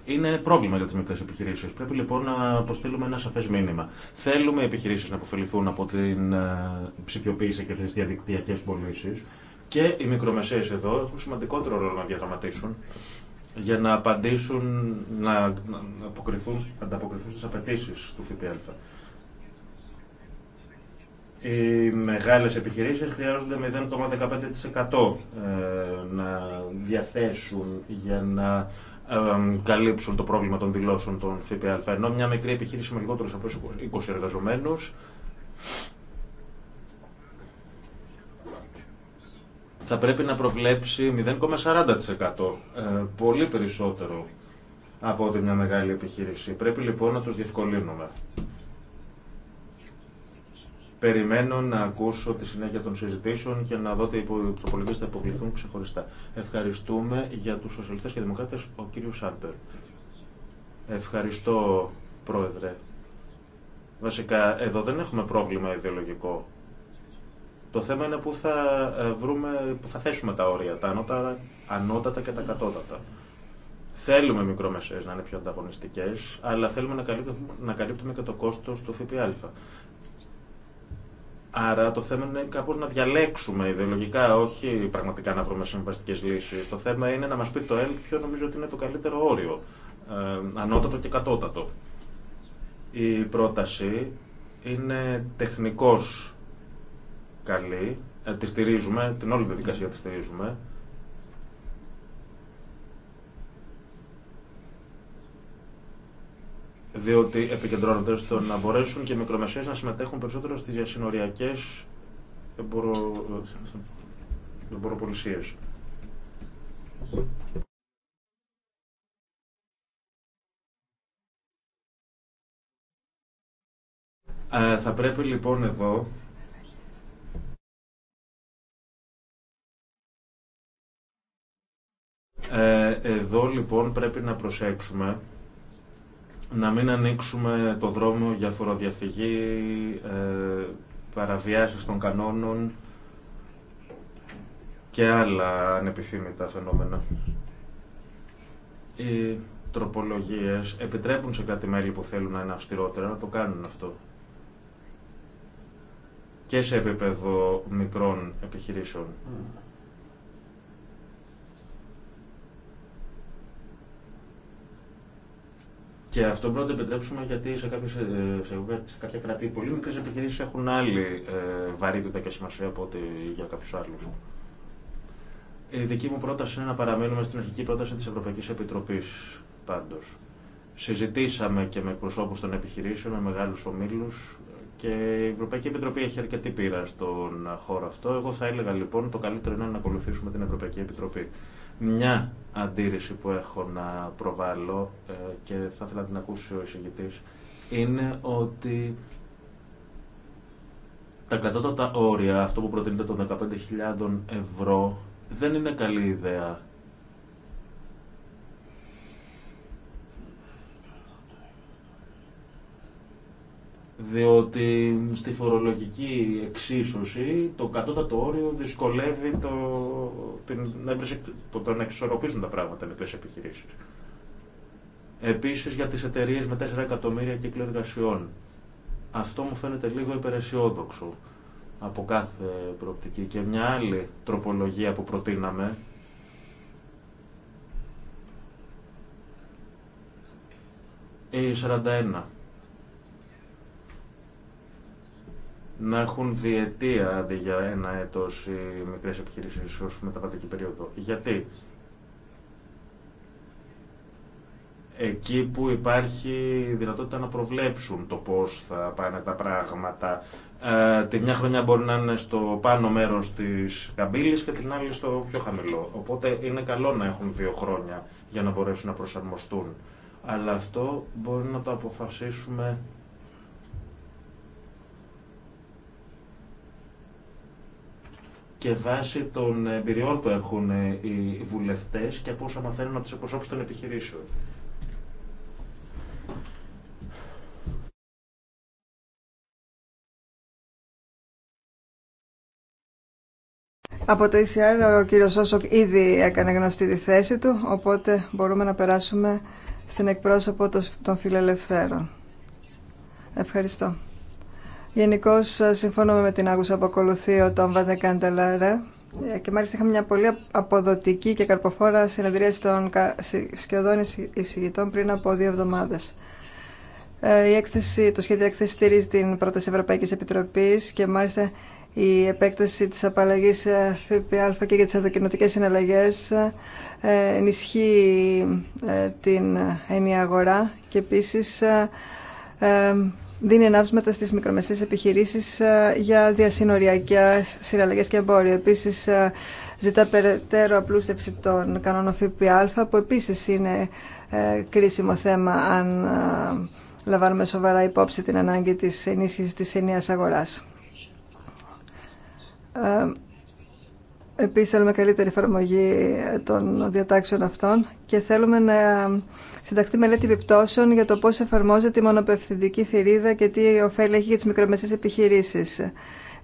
είναι πρόβλημα για τι μικρέ επιχειρήσει. Πρέπει λοιπόν να αποστείλουμε ένα σαφέ μήνυμα. Θέλουμε οι επιχειρήσει να αποφεληθούν από την ψηφιοποίηση και τι διαδικτυακέ πωλήσει και οι μικρομεσαίες εδώ έχουν σημαντικότερο ρόλο να διαδραματίσουν για να απαντήσουν, να, να αποκριθούν, ανταποκριθούν στις απαιτήσει του ΦΠΑ. Οι μεγάλες επιχειρήσεις χρειάζονται 0,15% ε, να διαθέσουν για να καλύψουν το πρόβλημα των δηλώσεων των ΦΠΑ. Ενώ μια μικρή επιχείρηση με λιγότερου από 20 εργαζομένου θα πρέπει να προβλέψει 0,40%. Ε, πολύ περισσότερο από ότι μια μεγάλη επιχείρηση. Πρέπει λοιπόν να τους διευκολύνουμε. Περιμένω να ακούσω τη συνέχεια των συζητήσεων και να δω ότι οι προπολογίες θα υποβληθούν ξεχωριστά. Ευχαριστούμε για τους σοσιαλιστές και δημοκράτες, ο κύριος Σάντερ. Ευχαριστώ, Πρόεδρε. Βασικά, εδώ δεν έχουμε πρόβλημα ιδεολογικό. Το θέμα είναι πού θα, ε, βρούμε, που θα θέσουμε τα όρια, τα ανώτατα, ανώτατα και τα κατώτατα. Θέλουμε μικρομεσαίε να είναι πιο ανταγωνιστικέ, αλλά θέλουμε να καλύπτουμε, να καλύπτουμε και το κόστο του ΦΠΑ. Άρα το θέμα είναι κάπω να διαλέξουμε ιδεολογικά, όχι πραγματικά να βρούμε συμβαστικέ λύσει. Το θέμα είναι να μα πει το ΕΛΚ ποιο νομίζω ότι είναι το καλύτερο όριο, ε, ανώτατο και κατώτατο. Η πρόταση είναι τεχνικός καλή, ε, τη την όλη διαδικασία τη στηρίζουμε. διότι επικεντρώνονται στο να μπορέσουν και οι μικρομεσαίες να συμμετέχουν περισσότερο στις διασυνοριακέ εμποροπολισίε. Ε, θα πρέπει λοιπόν εδώ Ε, εδώ λοιπόν πρέπει να προσέξουμε να μην ανοίξουμε το δρόμο για φοροδιαφυγή, ε, παραβιάσεις των κανόνων και άλλα ανεπιθύμητα φαινόμενα. Οι τροπολογίες επιτρέπουν σε κάτι μέλη που θέλουν να είναι αυστηρότερα να το κάνουν αυτό. Και σε επίπεδο μικρών επιχειρήσεων. Mm. Και αυτό πρέπει να το επιτρέψουμε γιατί σε, κάποιες, ε, σε κάποια κρατή πολύ μικρέ επιχειρήσει έχουν άλλη ε, βαρύτητα και σημασία από ότι για κάποιου άλλου. Η δική μου πρόταση είναι να παραμείνουμε στην αρχική πρόταση τη Ευρωπαϊκή Επιτροπή πάντω. Συζητήσαμε και με προσώπου των επιχειρήσεων, με μεγάλου ομίλου και η Ευρωπαϊκή Επιτροπή έχει αρκετή πείρα στον χώρο αυτό. Εγώ θα έλεγα λοιπόν το καλύτερο είναι να ακολουθήσουμε την Ευρωπαϊκή Επιτροπή. Μια αντίρρηση που έχω να προβάλλω ε, και θα ήθελα να την ακούσει ο εισηγητής είναι ότι τα κατώτατα όρια, αυτό που προτείνεται των 15.000 ευρώ, δεν είναι καλή ιδέα διότι στη φορολογική εξίσωση το κατώτατο όριο δυσκολεύει το, την, το, το να εξισορροπήσουν τα πράγματα μικρές επιχειρήσεις. Επίσης για τις εταιρείε με 4 εκατομμύρια κύκλο εργασιών. Αυτό μου φαίνεται λίγο υπεραισιόδοξο από κάθε προοπτική. Και μια άλλη τροπολογία που προτείναμε, η 41 να έχουν διετία αντί για ένα έτος οι μικρές επιχειρήσεις ως μεταβατική περίοδο. Γιατί εκεί που υπάρχει δυνατότητα να προβλέψουν το πώς θα πάνε τα πράγματα. Ε, την μια χρονιά μπορεί να είναι στο πάνω μέρος της καμπύλης και την άλλη στο πιο χαμηλό. Οπότε είναι καλό να έχουν δύο χρόνια για να μπορέσουν να προσαρμοστούν. Αλλά αυτό μπορεί να το αποφασίσουμε και βάσει των εμπειριών που έχουν ε, οι βουλευτές και από όσα μαθαίνουν από τις εκπροσώπους των επιχειρήσεων. Από το ECR ο κύριος Σόσοκ ήδη έκανε γνωστή τη θέση του, οπότε μπορούμε να περάσουμε στην εκπρόσωπο των φιλελευθέρων. Ευχαριστώ. Γενικώ ε, συμφωνούμε με την άγουσα που ακολουθεί ο Τόμ ε, και μάλιστα είχαμε μια πολύ αποδοτική και καρποφόρα συνεδρία των σχεδόν εισηγητών πριν από δύο εβδομάδες. Ε, η έκθεση, το σχέδιο έκθεση στηρίζει την πρόταση Ευρωπαϊκή Επιτροπή και μάλιστα η επέκταση της απαλλαγής ΦΠΑ και για τις αδοκινοτικές συναλλαγές ενισχύει την ενιαία αγορά και επίσης δίνει ενάψματα στις μικρομεσαίες επιχειρήσεις ε, για διασυνοριακές συναλλαγές και εμπόριο. Επίσης ε, ζητά περαιτέρω απλούστευση των κανόνων ΦΠΑ που επίσης είναι ε, κρίσιμο θέμα αν λαμβάνουμε σοβαρά υπόψη την ανάγκη της ενίσχυσης της ενίας αγοράς. Επίσης θέλουμε καλύτερη εφαρμογή των διατάξεων αυτών και θέλουμε να συνταχθεί μελέτη επιπτώσεων για το πώς εφαρμόζεται η μονοπευθυντική θηρίδα και τι ωφέλη έχει για τις μικρομεσαίες επιχειρήσεις.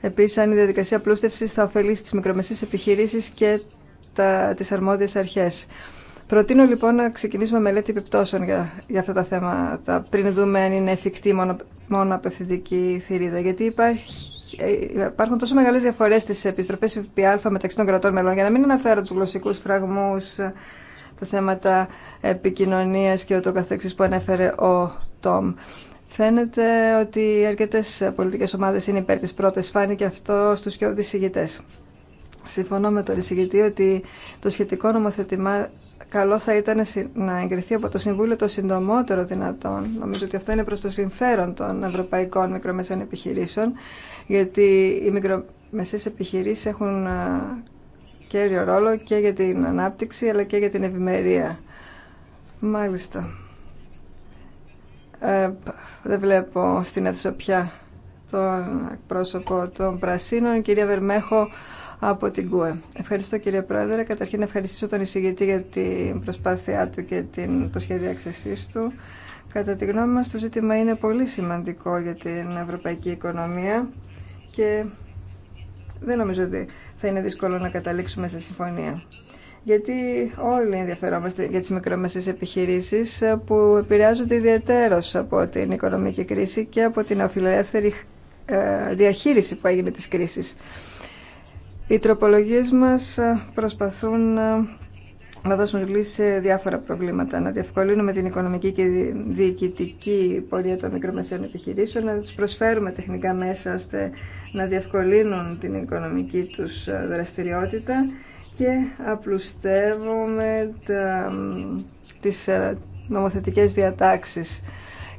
Επίσης, αν η διαδικασία πλούστευσης θα ωφελήσει τις μικρομεσαίες επιχειρήσεις και τα, τις αρμόδιες αρχές. Προτείνω λοιπόν να ξεκινήσουμε μελέτη επιπτώσεων για, για αυτά τα θέματα πριν δούμε αν είναι εφικτή μόνο, μονοπευθυντική θηρίδα. Γιατί υπάρχει ε, υπάρχουν τόσο μεγάλε διαφορέ στι επιστροφέ ΦΠΑ μεταξύ των κρατών μελών. Για να μην αναφέρω του γλωσσικού φραγμού, ε, τα θέματα επικοινωνία και ούτω καθεξή που ανέφερε ο Τόμ. Φαίνεται ότι αρκετέ πολιτικέ ομάδε είναι υπέρ τη πρώτη. Φάνηκε αυτό στου και ηγητέ. Συμφωνώ με τον εισηγητή ότι το σχετικό νομοθετημά καλό θα ήταν να εγκριθεί από το Συμβούλιο το συντομότερο δυνατόν. Νομίζω ότι αυτό είναι προς το συμφέρον των ευρωπαϊκών μικρομεσαίων επιχειρήσεων γιατί οι μικρομεσαίες επιχειρήσεις έχουν κέριο ρόλο και για την ανάπτυξη αλλά και για την ευημερία. Μάλιστα. Ε, δεν βλέπω στην αίθουσα πια τον πρόσωπο των Πρασίνων, κυρία Βερμέχο από την ΚΟΕ. Ευχαριστώ κύριε Πρόεδρε. Καταρχήν ευχαριστήσω τον εισηγητή για την προσπάθειά του και την, το σχέδιο έκθεσής του. Κατά τη γνώμη μας το ζήτημα είναι πολύ σημαντικό για την ευρωπαϊκή οικονομία και δεν νομίζω ότι θα είναι δύσκολο να καταλήξουμε σε συμφωνία. Γιατί όλοι ενδιαφερόμαστε για τις μικρομεσαίες επιχειρήσεις ε, που επηρεάζονται ιδιαίτερως από την οικονομική κρίση και από την αφιλελεύθερη ε, διαχείριση που έγινε της κρίσης. Οι τροπολογίες μας ε, προσπαθούν να δώσουν λύση σε διάφορα προβλήματα, να διευκολύνουμε την οικονομική και διοικητική πορεία των μικρομεσαίων επιχειρήσεων, να τους προσφέρουμε τεχνικά μέσα ώστε να διευκολύνουν την οικονομική τους δραστηριότητα και απλουστεύουμε τα, τις ε, νομοθετικές διατάξεις.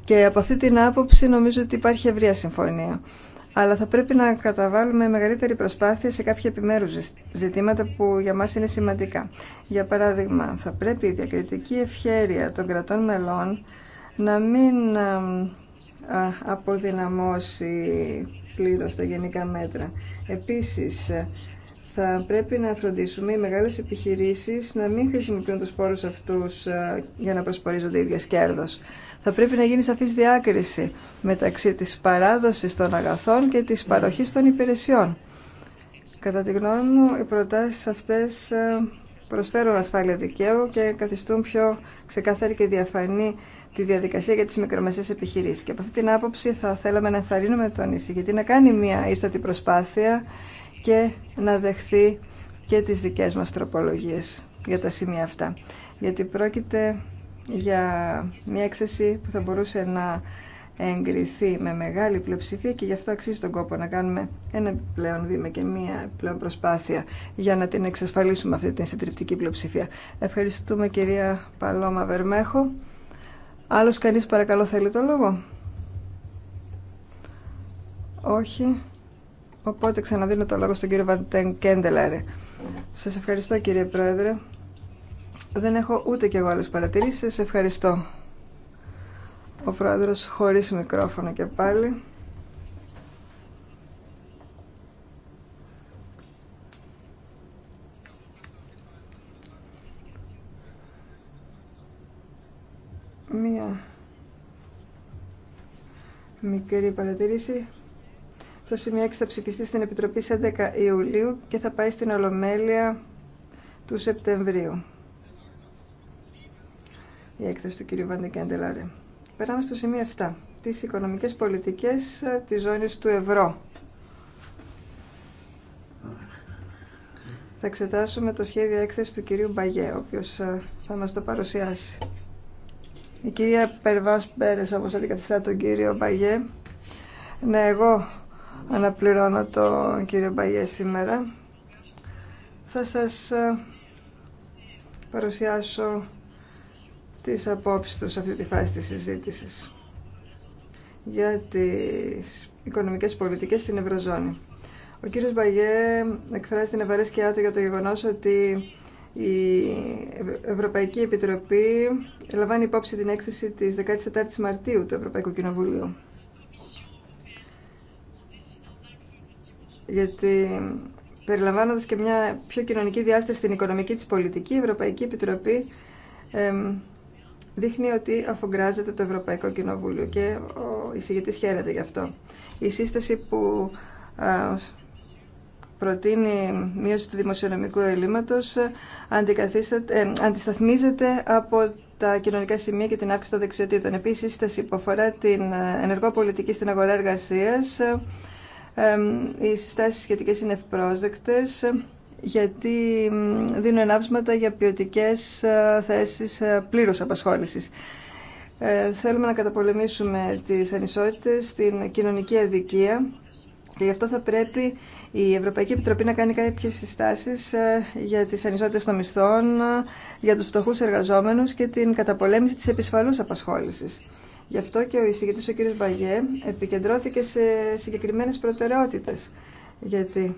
Και από αυτή την άποψη νομίζω ότι υπάρχει ευρεία συμφωνία αλλά θα πρέπει να καταβάλουμε μεγαλύτερη προσπάθεια σε κάποια επιμέρους ζητήματα που για μας είναι σημαντικά. Για παράδειγμα, θα πρέπει η διακριτική ευχέρεια των κρατών μελών να μην αποδυναμώσει πλήρως τα γενικά μέτρα. Επίσης, θα πρέπει να φροντίσουμε οι μεγάλες επιχειρήσεις να μην χρησιμοποιούν τους πόρου αυτού ε, για να προσπορίζονται ίδια κέρδο θα πρέπει να γίνει σαφής διάκριση μεταξύ της παράδοσης των αγαθών και της παροχής των υπηρεσιών. Κατά τη γνώμη μου, οι προτάσεις αυτές ε, προσφέρουν ασφάλεια δικαίου και καθιστούν πιο ξεκάθαρη και διαφανή τη διαδικασία για τις μικρομεσαίες επιχειρήσεις. Και από αυτή την άποψη θα θέλαμε να ενθαρρύνουμε τον γιατί να κάνει μια ίστατη προσπάθεια και να δεχθεί και τις δικές μας τροπολογίες για τα σημεία αυτά. Γιατί πρόκειται για μια έκθεση που θα μπορούσε να εγκριθεί με μεγάλη πλειοψηφία και γι' αυτό αξίζει τον κόπο να κάνουμε ένα πλέον βήμα και μία πλέον προσπάθεια για να την εξασφαλίσουμε αυτή την συντριπτική πλειοψηφία. Ευχαριστούμε κυρία Παλώμα Βερμέχο. Άλλος κανείς παρακαλώ θέλει το λόγο. Όχι. Οπότε ξαναδίνω το λόγο στον κύριο Βαντέν Κέντελαρε. Σας ευχαριστώ κύριε Πρόεδρε. Δεν έχω ούτε κι εγώ άλλες παρατηρήσεις. ευχαριστώ. Ο πρόεδρος χωρίς μικρόφωνο και πάλι. Μία μικρή παρατηρήση. Το σημείο 6 θα ψηφιστεί στην Επιτροπή στις 11 Ιουλίου και θα πάει στην Ολομέλεια του Σεπτεμβρίου η έκθεση του κ. Βαντεκέντελαρε. Περάμε στο σημείο 7. Τις οικονομικές πολιτικές ε, της ζώνης του ευρώ. Θα εξετάσουμε το σχέδιο έκθεση του κυρίου Μπαγιέ, ο οποίος ε, θα μας το παρουσιάσει. Η κυρία Περβάς Πέρες, όπως αντικαθιστά τον κύριο Μπαγιέ. Ναι, εγώ αναπληρώνω τον κύριο Μπαγιέ σήμερα. Θα σας ε, παρουσιάσω τις απόψεις του σε αυτή τη φάση της συζήτησης για τις οικονομικές πολιτικές στην Ευρωζώνη. Ο κύριος Μπαγιέ εκφράζει την ευαρέσκειά του για το γεγονός ότι η Ευρωπαϊκή Επιτροπή λαμβάνει υπόψη την έκθεση της 14ης Μαρτίου του Ευρωπαϊκού Κοινοβουλίου. Γιατί περιλαμβάνοντας και μια πιο κοινωνική διάσταση στην οικονομική της πολιτική, η Ευρωπαϊκή Επιτροπή δείχνει ότι αφογκράζεται το Ευρωπαϊκό Κοινοβούλιο και ο εισηγητής χαίρεται γι' αυτό. Η σύσταση που προτείνει μείωση του δημοσιονομικού ελλείμματος ε, ε, αντισταθμίζεται από τα κοινωνικά σημεία και την αύξηση των δεξιοτήτων. Επίσης, η σύσταση που αφορά την ε, ενεργό πολιτική στην αγορά εργασίας, οι συστάσεις σχετικές είναι ευπρόσδεκτες γιατί δίνουν ενάψματα για ποιοτικέ ε, θέσεις ε, πλήρους απασχόλησης. Ε, θέλουμε να καταπολεμήσουμε τις ανισότητες, την κοινωνική αδικία και γι' αυτό θα πρέπει η Ευρωπαϊκή Επιτροπή να κάνει κάποιες συστάσεις για τις ανισότητες των μισθών, για τους φτωχούς εργαζόμενους και την καταπολέμηση της επισφαλούς απασχόλησης. Γι' αυτό και ο εισηγητής ο κ. Μπαγιέ επικεντρώθηκε σε συγκεκριμένες προτεραιότητες. Γιατί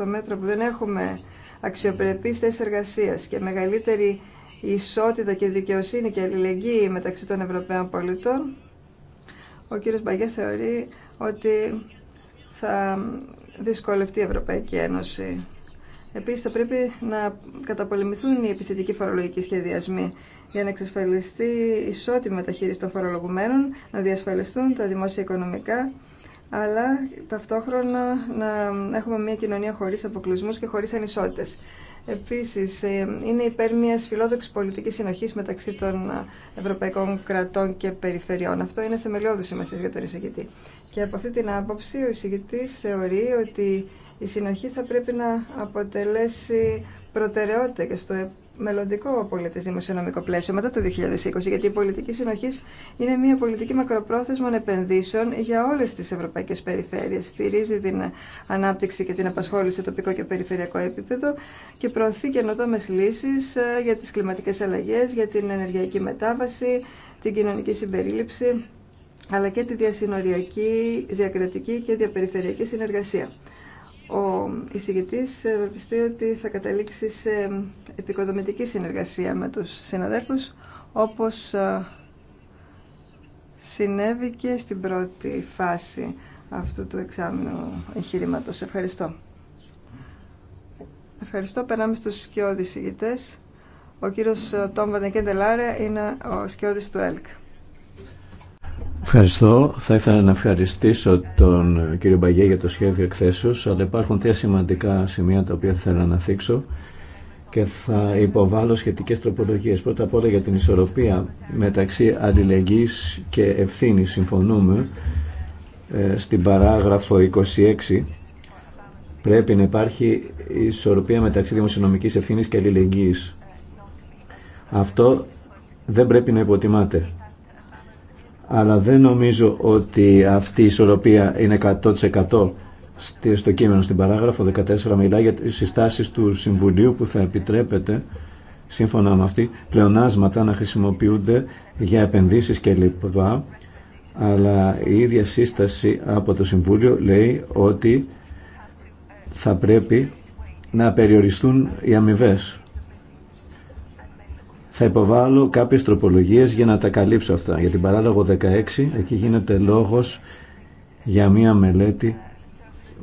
στο μέτρο που δεν έχουμε αξιοπρεπείς θέσεις εργασίας και μεγαλύτερη ισότητα και δικαιοσύνη και αλληλεγγύη μεταξύ των Ευρωπαίων πολιτών, ο κύριος Μπαγκέ θεωρεί ότι θα δυσκολευτεί η Ευρωπαϊκή Ένωση. Επίσης θα πρέπει να καταπολεμηθούν οι επιθετικοί φορολογικοί σχεδιασμοί για να εξασφαλιστεί ισότιμη μεταχείριση των φορολογουμένων, να διασφαλιστούν τα δημόσια οικονομικά αλλά ταυτόχρονα να έχουμε μια κοινωνία χωρίς αποκλεισμούς και χωρίς ανισότητες. Επίσης, ε, είναι υπέρ μια φιλόδοξη πολιτικής συνοχής μεταξύ των ε, ευρωπαϊκών κρατών και περιφερειών. Αυτό είναι θεμελιώδη σημασία για τον εισηγητή. Και από αυτή την άποψη, ο εισηγητή θεωρεί ότι η συνοχή θα πρέπει να αποτελέσει προτεραιότητα και στο μελλοντικό πολιτές δημοσιονομικό πλαίσιο μετά το 2020, γιατί η πολιτική συνοχή είναι μια πολιτική μακροπρόθεσμων επενδύσεων για όλε τι ευρωπαϊκέ περιφέρειες. Στηρίζει την ανάπτυξη και την απασχόληση σε τοπικό και περιφερειακό επίπεδο και προωθεί καινοτόμε λύσει ε, για τι κλιματικέ αλλαγέ, για την ενεργειακή μετάβαση, την κοινωνική συμπερίληψη αλλά και τη διασυνοριακή, διακρατική και διαπεριφερειακή συνεργασία. Ο εισηγητής πιστεύει ότι θα καταλήξει σε επικοδομητική συνεργασία με τους συναδέλφους, όπως ε, συνέβη και στην πρώτη φάση αυτού του εξάμεινου εγχειρήματος. Ευχαριστώ. Ευχαριστώ. Περνάμε στους σκιώδεις εισηγητές. Ο κύριος ε, Τόμ Λάρε είναι ο σκιώδης του ΕΛΚ. Ευχαριστώ. Θα ήθελα να ευχαριστήσω τον κύριο Μπαγιέ για το σχέδιο εκθέσεως, αλλά υπάρχουν τρία σημαντικά σημεία τα οποία θέλω να θίξω και θα υποβάλω σχετικές τροπολογίες. Πρώτα απ' όλα για την ισορροπία μεταξύ αλληλεγγύης και ευθύνη συμφωνούμε ε, στην παράγραφο 26 πρέπει να υπάρχει ισορροπία μεταξύ δημοσιονομικής ευθύνης και αλληλεγγύης. Αυτό δεν πρέπει να υποτιμάται αλλά δεν νομίζω ότι αυτή η ισορροπία είναι 100% στο κείμενο στην παράγραφο 14 μιλά για τις συστάσεις του Συμβουλίου που θα επιτρέπεται σύμφωνα με αυτή πλεονάσματα να χρησιμοποιούνται για επενδύσεις κλπ αλλά η ίδια σύσταση από το Συμβούλιο λέει ότι θα πρέπει να περιοριστούν οι αμοιβέ. Θα υποβάλω κάποιες τροπολογίες για να τα καλύψω αυτά. Για την παράλογο 16, εκεί γίνεται λόγος για μία μελέτη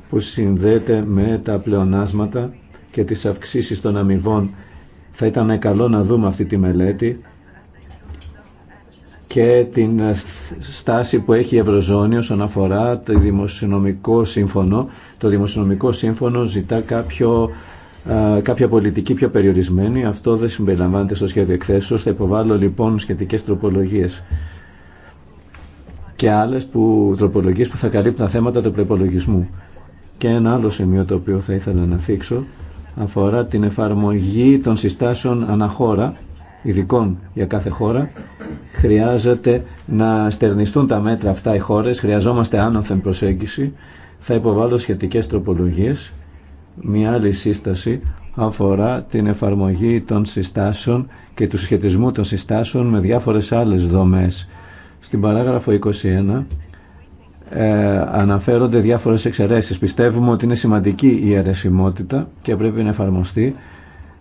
που συνδέεται με τα πλεονάσματα και τις αυξήσεις των αμοιβών. Θα ήταν καλό να δούμε αυτή τη μελέτη και την στάση που έχει η Ευρωζώνη όσον αφορά το Δημοσιονομικό Σύμφωνο. Το Δημοσιονομικό Σύμφωνο ζητά κάποιο κάποια πολιτική πιο περιορισμένη. Αυτό δεν συμπεριλαμβάνεται στο σχέδιο εκθέσεως. Θα υποβάλω λοιπόν σχετικές τροπολογίες και άλλες που, τροπολογίες που θα καλύπτουν θέματα του προπολογισμού. Και ένα άλλο σημείο το οποίο θα ήθελα να θίξω αφορά την εφαρμογή των συστάσεων αναχώρα, ειδικών για κάθε χώρα. Χρειάζεται να στερνιστούν τα μέτρα αυτά οι χώρες, χρειαζόμαστε άνωθεν προσέγγιση. Θα υποβάλω σχετικές τροπολογίες μια άλλη σύσταση αφορά την εφαρμογή των συστάσεων και του σχετισμού των συστάσεων με διάφορες άλλες δομές. Στην παράγραφο 21 ε, αναφέρονται διάφορες εξαιρέσεις. Πιστεύουμε ότι είναι σημαντική η αιρεσιμότητα και πρέπει να εφαρμοστεί.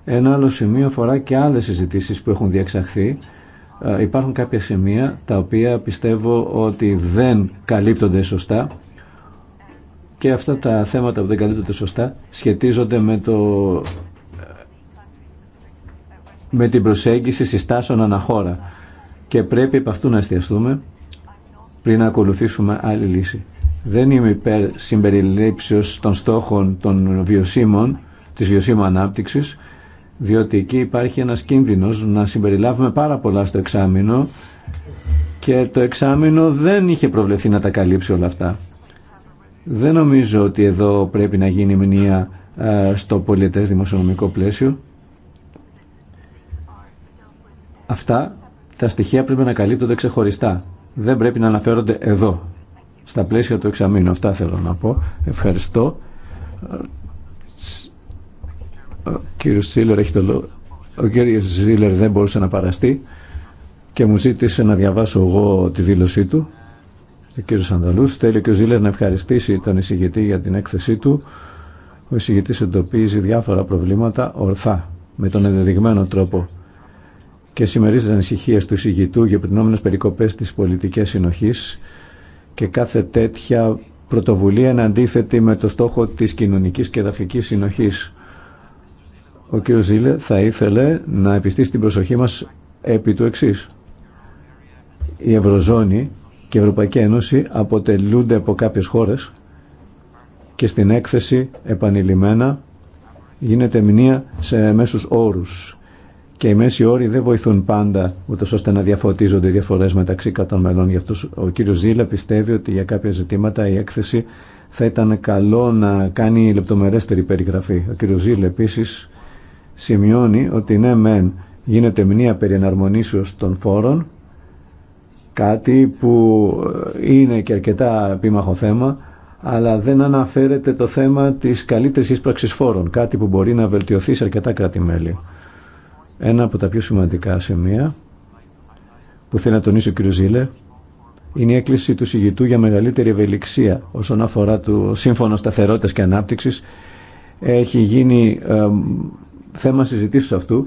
Ένα άλλο σημείο αφορά και άλλες συζητήσεις που έχουν διεξαχθεί. Ε, υπάρχουν κάποια σημεία τα οποία πιστεύω ότι δεν καλύπτονται σωστά και αυτά τα θέματα που δεν καλύπτονται σωστά σχετίζονται με, το, με την προσέγγιση συστάσεων αναχώρα και πρέπει από αυτού να εστιαστούμε πριν να ακολουθήσουμε άλλη λύση. Δεν είμαι υπέρ συμπεριλήψεως των στόχων των βιωσίμων, της βιωσίμου ανάπτυξης, διότι εκεί υπάρχει ένας κίνδυνος να συμπεριλάβουμε πάρα πολλά στο εξάμεινο και το εξάμεινο δεν είχε προβλεφθεί να τα καλύψει όλα αυτά. Δεν νομίζω ότι εδώ πρέπει να γίνει μνήμα ε, στο πολιτές δημοσιονομικό πλαίσιο. Αυτά τα στοιχεία πρέπει να καλύπτονται ξεχωριστά. Δεν πρέπει να αναφέρονται εδώ, στα πλαίσια του εξαμήνου. Αυτά θέλω να πω. Ευχαριστώ. Ο κύριος Σίλερ δεν μπορούσε να παραστεί και μου ζήτησε να διαβάσω εγώ τη δήλωσή του ο κύριο Ανδαλούς. Θέλει και ο Ζήλερ να ευχαριστήσει τον εισηγητή για την έκθεσή του. Ο εισηγητής εντοπίζει διάφορα προβλήματα ορθά, με τον ενδεδειγμένο τρόπο και συμμερίζει τι ανησυχίε του εισηγητού για πριν περικοπέ τη πολιτική συνοχή και κάθε τέτοια πρωτοβουλία είναι αντίθετη με το στόχο τη κοινωνική και εδαφική συνοχή. Ο κ. Ζήλε θα ήθελε να επιστήσει την προσοχή μα επί του εξή. Η Ευρωζώνη και η Ευρωπαϊκή Ένωση αποτελούνται από κάποιες χώρες και στην έκθεση επανειλημμένα γίνεται μηνύα σε μέσους όρους και οι μέσοι όροι δεν βοηθούν πάντα ούτως ώστε να διαφωτίζονται οι διαφορές μεταξύ κατών μελών. Γι' αυτό ο κύριος Ζήλα πιστεύει ότι για κάποια ζητήματα η έκθεση θα ήταν καλό να κάνει λεπτομερέστερη περιγραφή. Ο κύριος Ζήλα επίσης σημειώνει ότι ναι μεν γίνεται μηνύα περί των φόρων κάτι που ε, είναι και αρκετά επίμαχο θέμα, αλλά δεν αναφέρεται το θέμα της καλύτερης ίσπραξης φόρων, κάτι που μπορεί να βελτιωθεί σε αρκετά Ένα από τα πιο σημαντικά σημεία που θέλει να τονίσει ο κ. Ζήλε είναι η έκκληση του συγητού για μεγαλύτερη ευελιξία όσον αφορά το Σύμφωνο Σταθερότητας και Ανάπτυξης. Έχει γίνει ε, θέμα συζητήσεως αυτού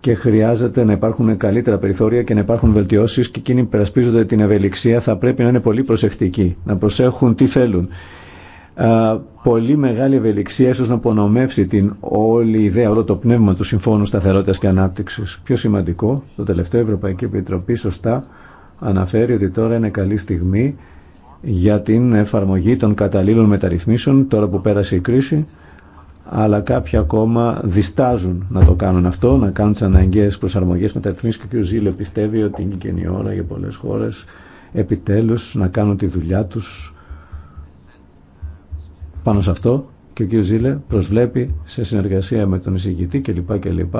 και χρειάζεται να υπάρχουν καλύτερα περιθώρια και να υπάρχουν βελτιώσει και εκείνοι που περασπίζονται την ευελιξία θα πρέπει να είναι πολύ προσεκτικοί, να προσέχουν τι θέλουν. πολύ μεγάλη ευελιξία ίσω να απονομεύσει την όλη ιδέα, όλο το πνεύμα του Συμφώνου Σταθερότητα και Ανάπτυξη. Πιο σημαντικό, το τελευταίο Ευρωπαϊκή Επιτροπή σωστά αναφέρει ότι τώρα είναι καλή στιγμή για την εφαρμογή των καταλήλων μεταρρυθμίσεων τώρα που πέρασε η κρίση αλλά κάποιοι ακόμα διστάζουν να το κάνουν αυτό, να κάνουν τι αναγκαίε προσαρμογέ μεταρρυθμίσει. Και ο κ. Ζήλε πιστεύει ότι είναι και η ώρα για πολλέ χώρε επιτέλου να κάνουν τη δουλειά του πάνω σε αυτό. Και ο κ. Ζήλε προσβλέπει σε συνεργασία με τον εισηγητή κλπ. κλπ.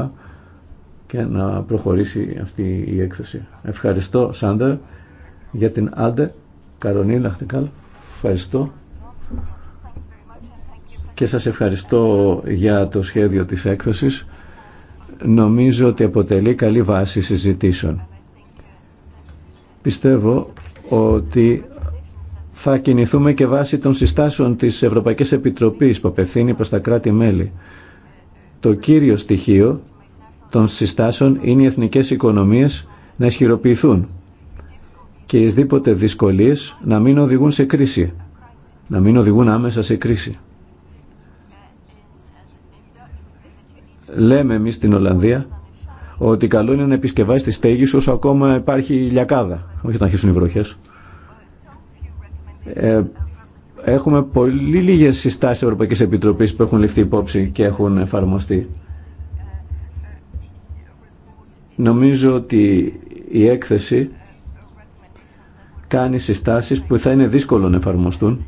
και να προχωρήσει αυτή η έκθεση. Ευχαριστώ, Σάντερ, για την άντε. Καρονίλα Χτεκάλ. Ευχαριστώ και σας ευχαριστώ για το σχέδιο της έκθεσης. Νομίζω ότι αποτελεί καλή βάση συζητήσεων. Πιστεύω ότι θα κινηθούμε και βάσει των συστάσεων της Ευρωπαϊκής Επιτροπής που απευθύνει προς τα κράτη-μέλη. Το κύριο στοιχείο των συστάσεων είναι οι εθνικές οικονομίες να ισχυροποιηθούν και εισδήποτε δυσκολίες να μην οδηγούν σε κρίση, να μην οδηγούν άμεσα σε κρίση. Λέμε εμείς στην Ολλανδία ότι καλό είναι να επισκευάσει τη στέγη σου όσο ακόμα υπάρχει λιακάδα, όχι όταν αρχίσουν οι βροχές. Ε, έχουμε πολύ λίγες συστάσεις Ευρωπαϊκής Επιτροπής που έχουν ληφθεί υπόψη και έχουν εφαρμοστεί. Νομίζω ότι η έκθεση κάνει συστάσεις που θα είναι δύσκολο να εφαρμοστούν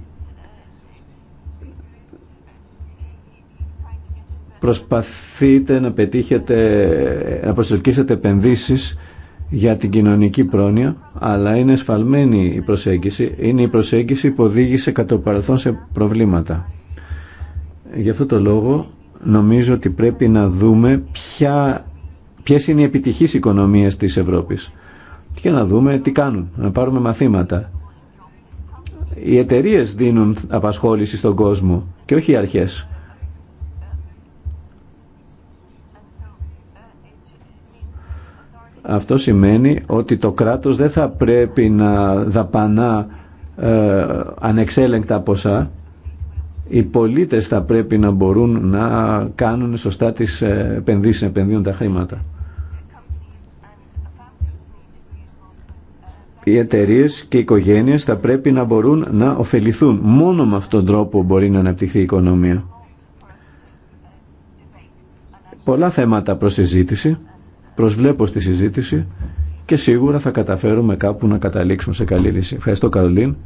προσπαθείτε να πετύχετε, να προσελκύσετε επενδύσεις για την κοινωνική πρόνοια, αλλά είναι εσφαλμένη η προσέγγιση. Είναι η προσέγγιση που οδήγησε κατά το παρελθόν σε προβλήματα. Γι' αυτό το λόγο νομίζω ότι πρέπει να δούμε ποια, ποιες είναι οι επιτυχείς οικονομίες της Ευρώπης και να δούμε τι κάνουν, να πάρουμε μαθήματα. Οι εταιρείε δίνουν απασχόληση στον κόσμο και όχι οι αρχές. Αυτό σημαίνει ότι το κράτος δεν θα πρέπει να δαπανά ε, ανεξέλεγκτα ποσά. Οι πολίτες θα πρέπει να μπορούν να κάνουν σωστά τις ε, επενδύσεις, να επενδύουν τα χρήματα. οι εταιρείε και οι οικογένειες θα πρέπει να μπορούν να ωφεληθούν. Μόνο με αυτόν τον τρόπο μπορεί να αναπτυχθεί η οικονομία. Πολλά θέματα προς συζήτηση Προσβλέπω στη συζήτηση και σίγουρα θα καταφέρουμε κάπου να καταλήξουμε σε καλή λύση. Ευχαριστώ Καρολίν.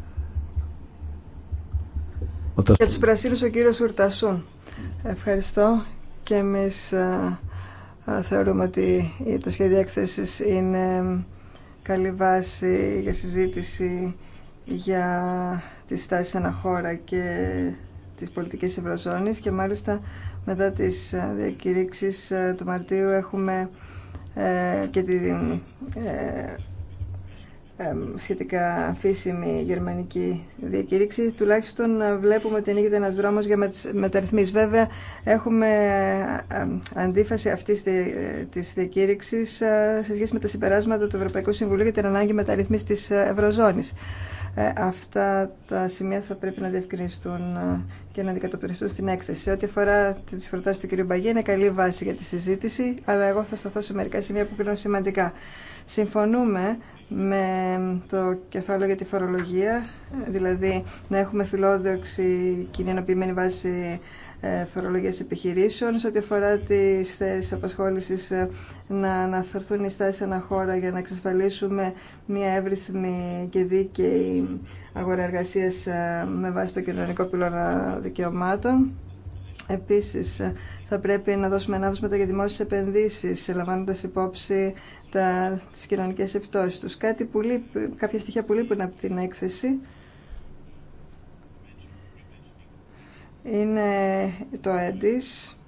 Για τους πρασίνους ο κύριος Ουρτασούν. Ευχαριστώ και εμείς α, ε, ε, θεωρούμε ότι το σχέδιο έκθεσης είναι καλή βάση για συζήτηση για τις στάσεις χώρα και της πολιτικές ευρωζώνης και μάλιστα μετά τις ε, διακηρύξεις του Μαρτίου έχουμε ε, και τη ε, ε, σχετικά αφήσιμη γερμανική διακήρυξη, τουλάχιστον βλέπουμε ότι ανοίγεται ένας δρόμος για μεταρρυθμίσεις. Βέβαια, έχουμε αντίφαση αυτής της διακήρυξης σε σχέση με τα συμπεράσματα του Ευρωπαϊκού Συμβουλίου για την ανάγκη μεταρρυθμίσης της Ευρωζώνης. Ε, αυτά τα σημεία θα πρέπει να διευκρινιστούν ε, και να αντικατοπτριστούν στην έκθεση. Ό,τι αφορά τι προτάσει του κ. Μπαγί είναι καλή βάση για τη συζήτηση, αλλά εγώ θα σταθώ σε μερικά σημεία που κρίνω σημαντικά. Συμφωνούμε με το κεφάλαιο για τη φορολογία, ε, δηλαδή να έχουμε φιλόδοξη κοινωνιοποιημένη βάση ε, φορολογίας επιχειρήσεων, σε ό,τι αφορά τις θέσεις απασχόλησης ε, να αναφερθούν οι στάσεις σε ένα χώρα για να εξασφαλίσουμε μια εύρυθμη και δίκαιη αγορά ε, με βάση το κοινωνικό πυλώνα δικαιωμάτων. Επίσης, θα πρέπει να δώσουμε ανάβασματα για δημόσιες επενδύσεις, λαμβάνοντας υπόψη τα, τις κοινωνικές επιπτώσεις τους. Κάτι που λείπει, κάποια στοιχεία που λείπουν από την έκθεση είναι το ΕΝΤΙΣ,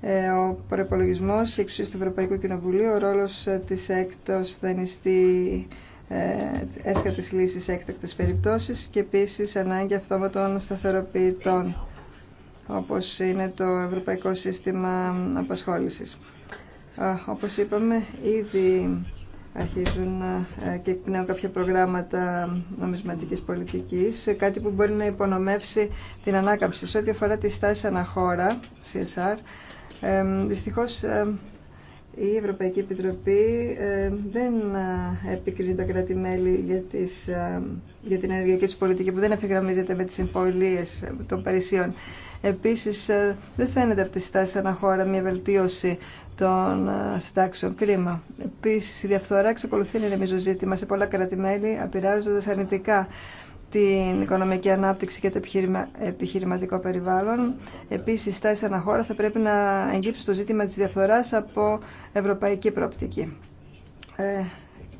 ε, ο προπολογισμό, η εξουσία του Ευρωπαϊκού Κοινοβουλίου, ο ρόλο ε, τη έκτο δανειστή λύση ε, λύσει έκτακτες περιπτώσει και επίση ανάγκη αυτόματων σταθεροποιητών, όπω είναι το Ευρωπαϊκό Σύστημα Απασχόληση. Όπως είπαμε, ήδη αρχίζουν ε, και εκπνέουν κάποια προγράμματα νομισματικής πολιτικής, ε, κάτι που μπορεί να υπονομεύσει την ανάκαμψη. Σε ό,τι αφορά τις στάσεις αναχώρα, CSR, δυστυχώς η Ευρωπαϊκή Επιτροπή δεν ε, επικρίνει τα κράτη-μέλη για, για την ενεργειακή του πολιτική που δεν ευθυγραμμίζεται με τις συμπολίες των Παρισίων. Επίσης, ε, δεν φαίνεται από τη στάση αναχώρα μια βελτίωση των ε, συντάξεων. Κρίμα. Επίσης, η διαφθορά εξακολουθεί να είναι μείζο σε πολλά κράτη-μέλη, απειράζοντας αρνητικά την οικονομική ανάπτυξη και το επιχειρηματικό περιβάλλον. Επίση, η στάση αναχώρα θα πρέπει να εγγύψει το ζήτημα τη διαφθορά από ευρωπαϊκή προοπτική. Ε,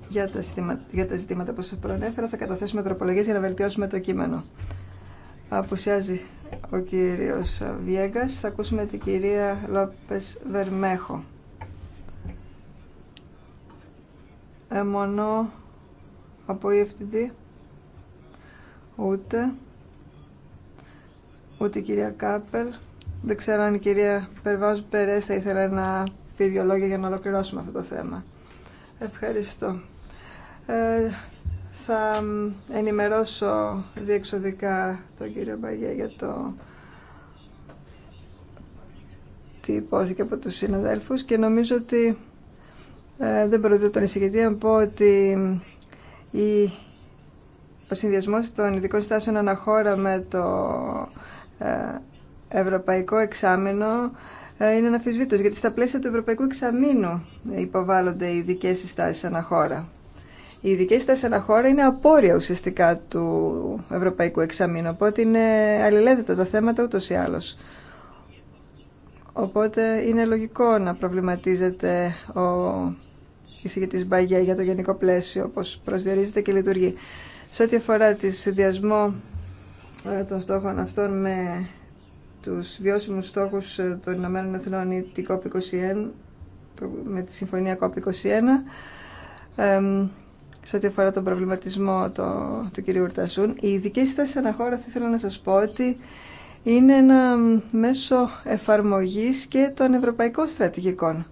για, τα ζητήματα, για τα ζητήματα που σα προανέφερα, θα καταθέσουμε τροπολογίε για να βελτιώσουμε το κείμενο. Αποουσιάζει ο κύριος Βιέγκας. Θα ακούσουμε την κυρία Λόπες Βερμέχο. Εμονώ από ευθυντή. Ούτε. Ούτε η κυρία Κάπελ. Δεν ξέρω αν η κυρία Περβάζου Περές θα ήθελε να πει δύο λόγια για να ολοκληρώσουμε αυτό το θέμα. Ευχαριστώ. Ε, θα ενημερώσω διεξοδικά τον κύριο Μπαγιέ για το τι υπόθηκε από τους συναδέλφους και νομίζω ότι ε, δεν προδίδω τον εισηγητή να πω ότι η, ο συνδυασμός των ειδικών στάσεων αναχώρα με το ε, ευρωπαϊκό εξάμεινο ε, είναι αναφυσβήτως γιατί στα πλαίσια του ευρωπαϊκού εξαμήνου υποβάλλονται οι ειδικές συστάσεις αναχώρα. Οι ειδικέ τέσσερα χώρα είναι απόρρια ουσιαστικά του Ευρωπαϊκού Εξαμήνου, οπότε είναι αλληλένδετα τα θέματα ούτω ή άλλω. Οπότε είναι λογικό να προβληματίζεται ο εισηγητή Μπαγιά για το γενικό πλαίσιο, όπω προσδιορίζεται και λειτουργεί. Σε ό,τι αφορά τη συνδυασμό ε, των στόχων αυτών με τους βιώσιμους στόχους ε, των Ηνωμένων Εθνών ή 21 με τη Συμφωνία COP21, σε ό,τι αφορά τον προβληματισμό το, του κυρίου Ουρτασούν. Οι ειδικέ συστάσει αναχώρα θα ήθελα να σας πω ότι είναι ένα μέσο εφαρμογής και των ευρωπαϊκών στρατηγικών.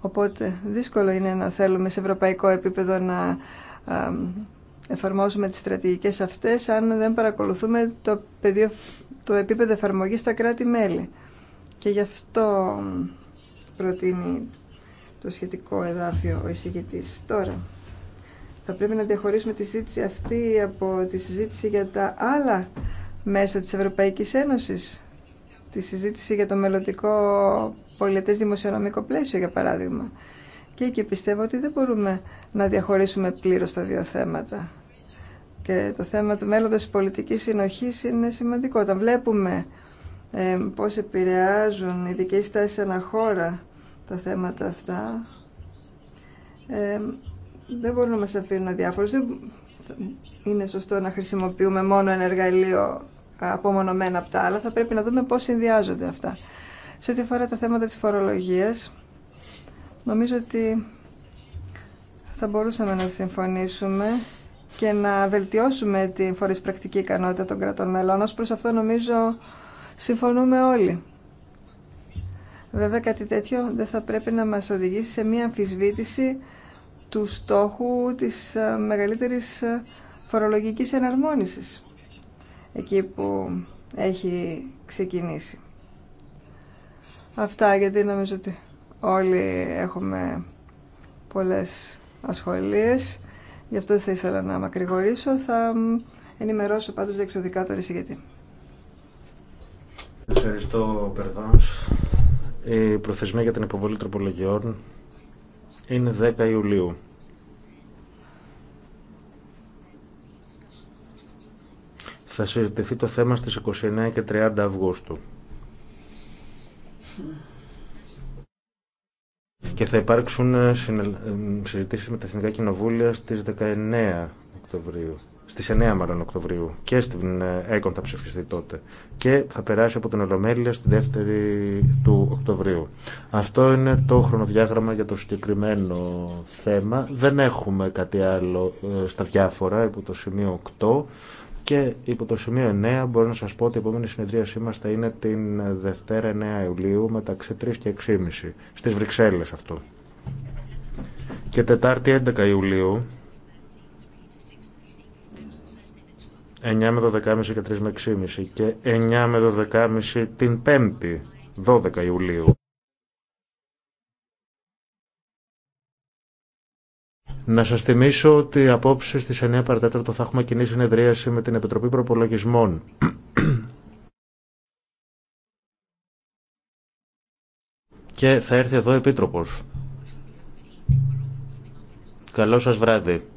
Οπότε δύσκολο είναι να θέλουμε σε ευρωπαϊκό επίπεδο να εφαρμόζουμε τις στρατηγικές αυτές αν δεν παρακολουθούμε το, πεδίο, το επίπεδο εφαρμογής στα κράτη-μέλη. Και γι' αυτό προτείνει το σχετικό εδάφιο ο εισηγητής. Τώρα, θα πρέπει να διαχωρίσουμε τη συζήτηση αυτή από τη συζήτηση για τα άλλα μέσα της Ευρωπαϊκής Ένωσης. Τη συζήτηση για το μελλοντικό πολιτές δημοσιονομικό πλαίσιο, για παράδειγμα. Και εκεί πιστεύω ότι δεν μπορούμε να διαχωρίσουμε πλήρως τα δύο θέματα. Και το θέμα του μέλλοντος της πολιτικής συνοχής είναι σημαντικό. Όταν βλέπουμε ε, πώς επηρεάζουν οι δικές ένα χώρα τα θέματα αυτά, δεν μπορούν να μας αφήνουν αδιάφορους. Δεν είναι σωστό να χρησιμοποιούμε μόνο ένα εργαλείο απομονωμένα από τα άλλα. Θα πρέπει να δούμε πώς συνδυάζονται αυτά. Σε ό,τι αφορά τα θέματα της φορολογίας, νομίζω ότι θα μπορούσαμε να συμφωνήσουμε και να βελτιώσουμε την φορησπρακτική ικανότητα των κρατών μελών. Ως προς αυτό νομίζω συμφωνούμε όλοι. Βέβαια κάτι τέτοιο δεν θα πρέπει να μας οδηγήσει σε μία αμφισβήτηση του στόχου της ε, μεγαλύτερης ε, φορολογικής εναρμόνισης εκεί που έχει ξεκινήσει. Αυτά γιατί νομίζω ότι όλοι έχουμε πολλές ασχολίες γι' αυτό δεν θα ήθελα να μακρηγορήσω θα ενημερώσω πάντως διεξοδικά τον εισηγητή. Ευχαριστώ Περβάνος. Η ε, προθεσμία για την υποβολή τροπολογιών είναι 10 Ιουλίου. Θα συζητηθεί το θέμα στις 29 και 30 Αυγούστου. Και θα υπάρξουν ε, ε, συζητήσεις με τα Εθνικά Κοινοβούλια στις 19 Οκτωβρίου. Στι 9 μάλλον Οκτωβρίου και στην ΕΚΟΝ θα ψηφιστεί τότε και θα περάσει από την Ολομέλεια στη η του Οκτωβρίου. Αυτό είναι το χρονοδιάγραμμα για το συγκεκριμένο θέμα. Δεν έχουμε κάτι άλλο ε, στα διάφορα υπό το σημείο 8 και υπό το σημείο 9 μπορώ να σας πω ότι η επόμενη συνεδρίασή μας θα είναι την Δευτέρα 9 Ιουλίου μεταξύ 3 και 6.30 στις Βρυξέλλες αυτό. Και Τετάρτη 11 Ιουλίου 9 με 12.30 και 3 με 6.30 και 9 με 12.30 την 5η 12 Ιουλίου. Να σας θυμίσω ότι απόψε στις 9 παρατέταρτο θα έχουμε κοινή συνεδρίαση με την Επιτροπή Προπολογισμών. και θα έρθει εδώ ο Επίτροπος. Καλό σας βράδυ.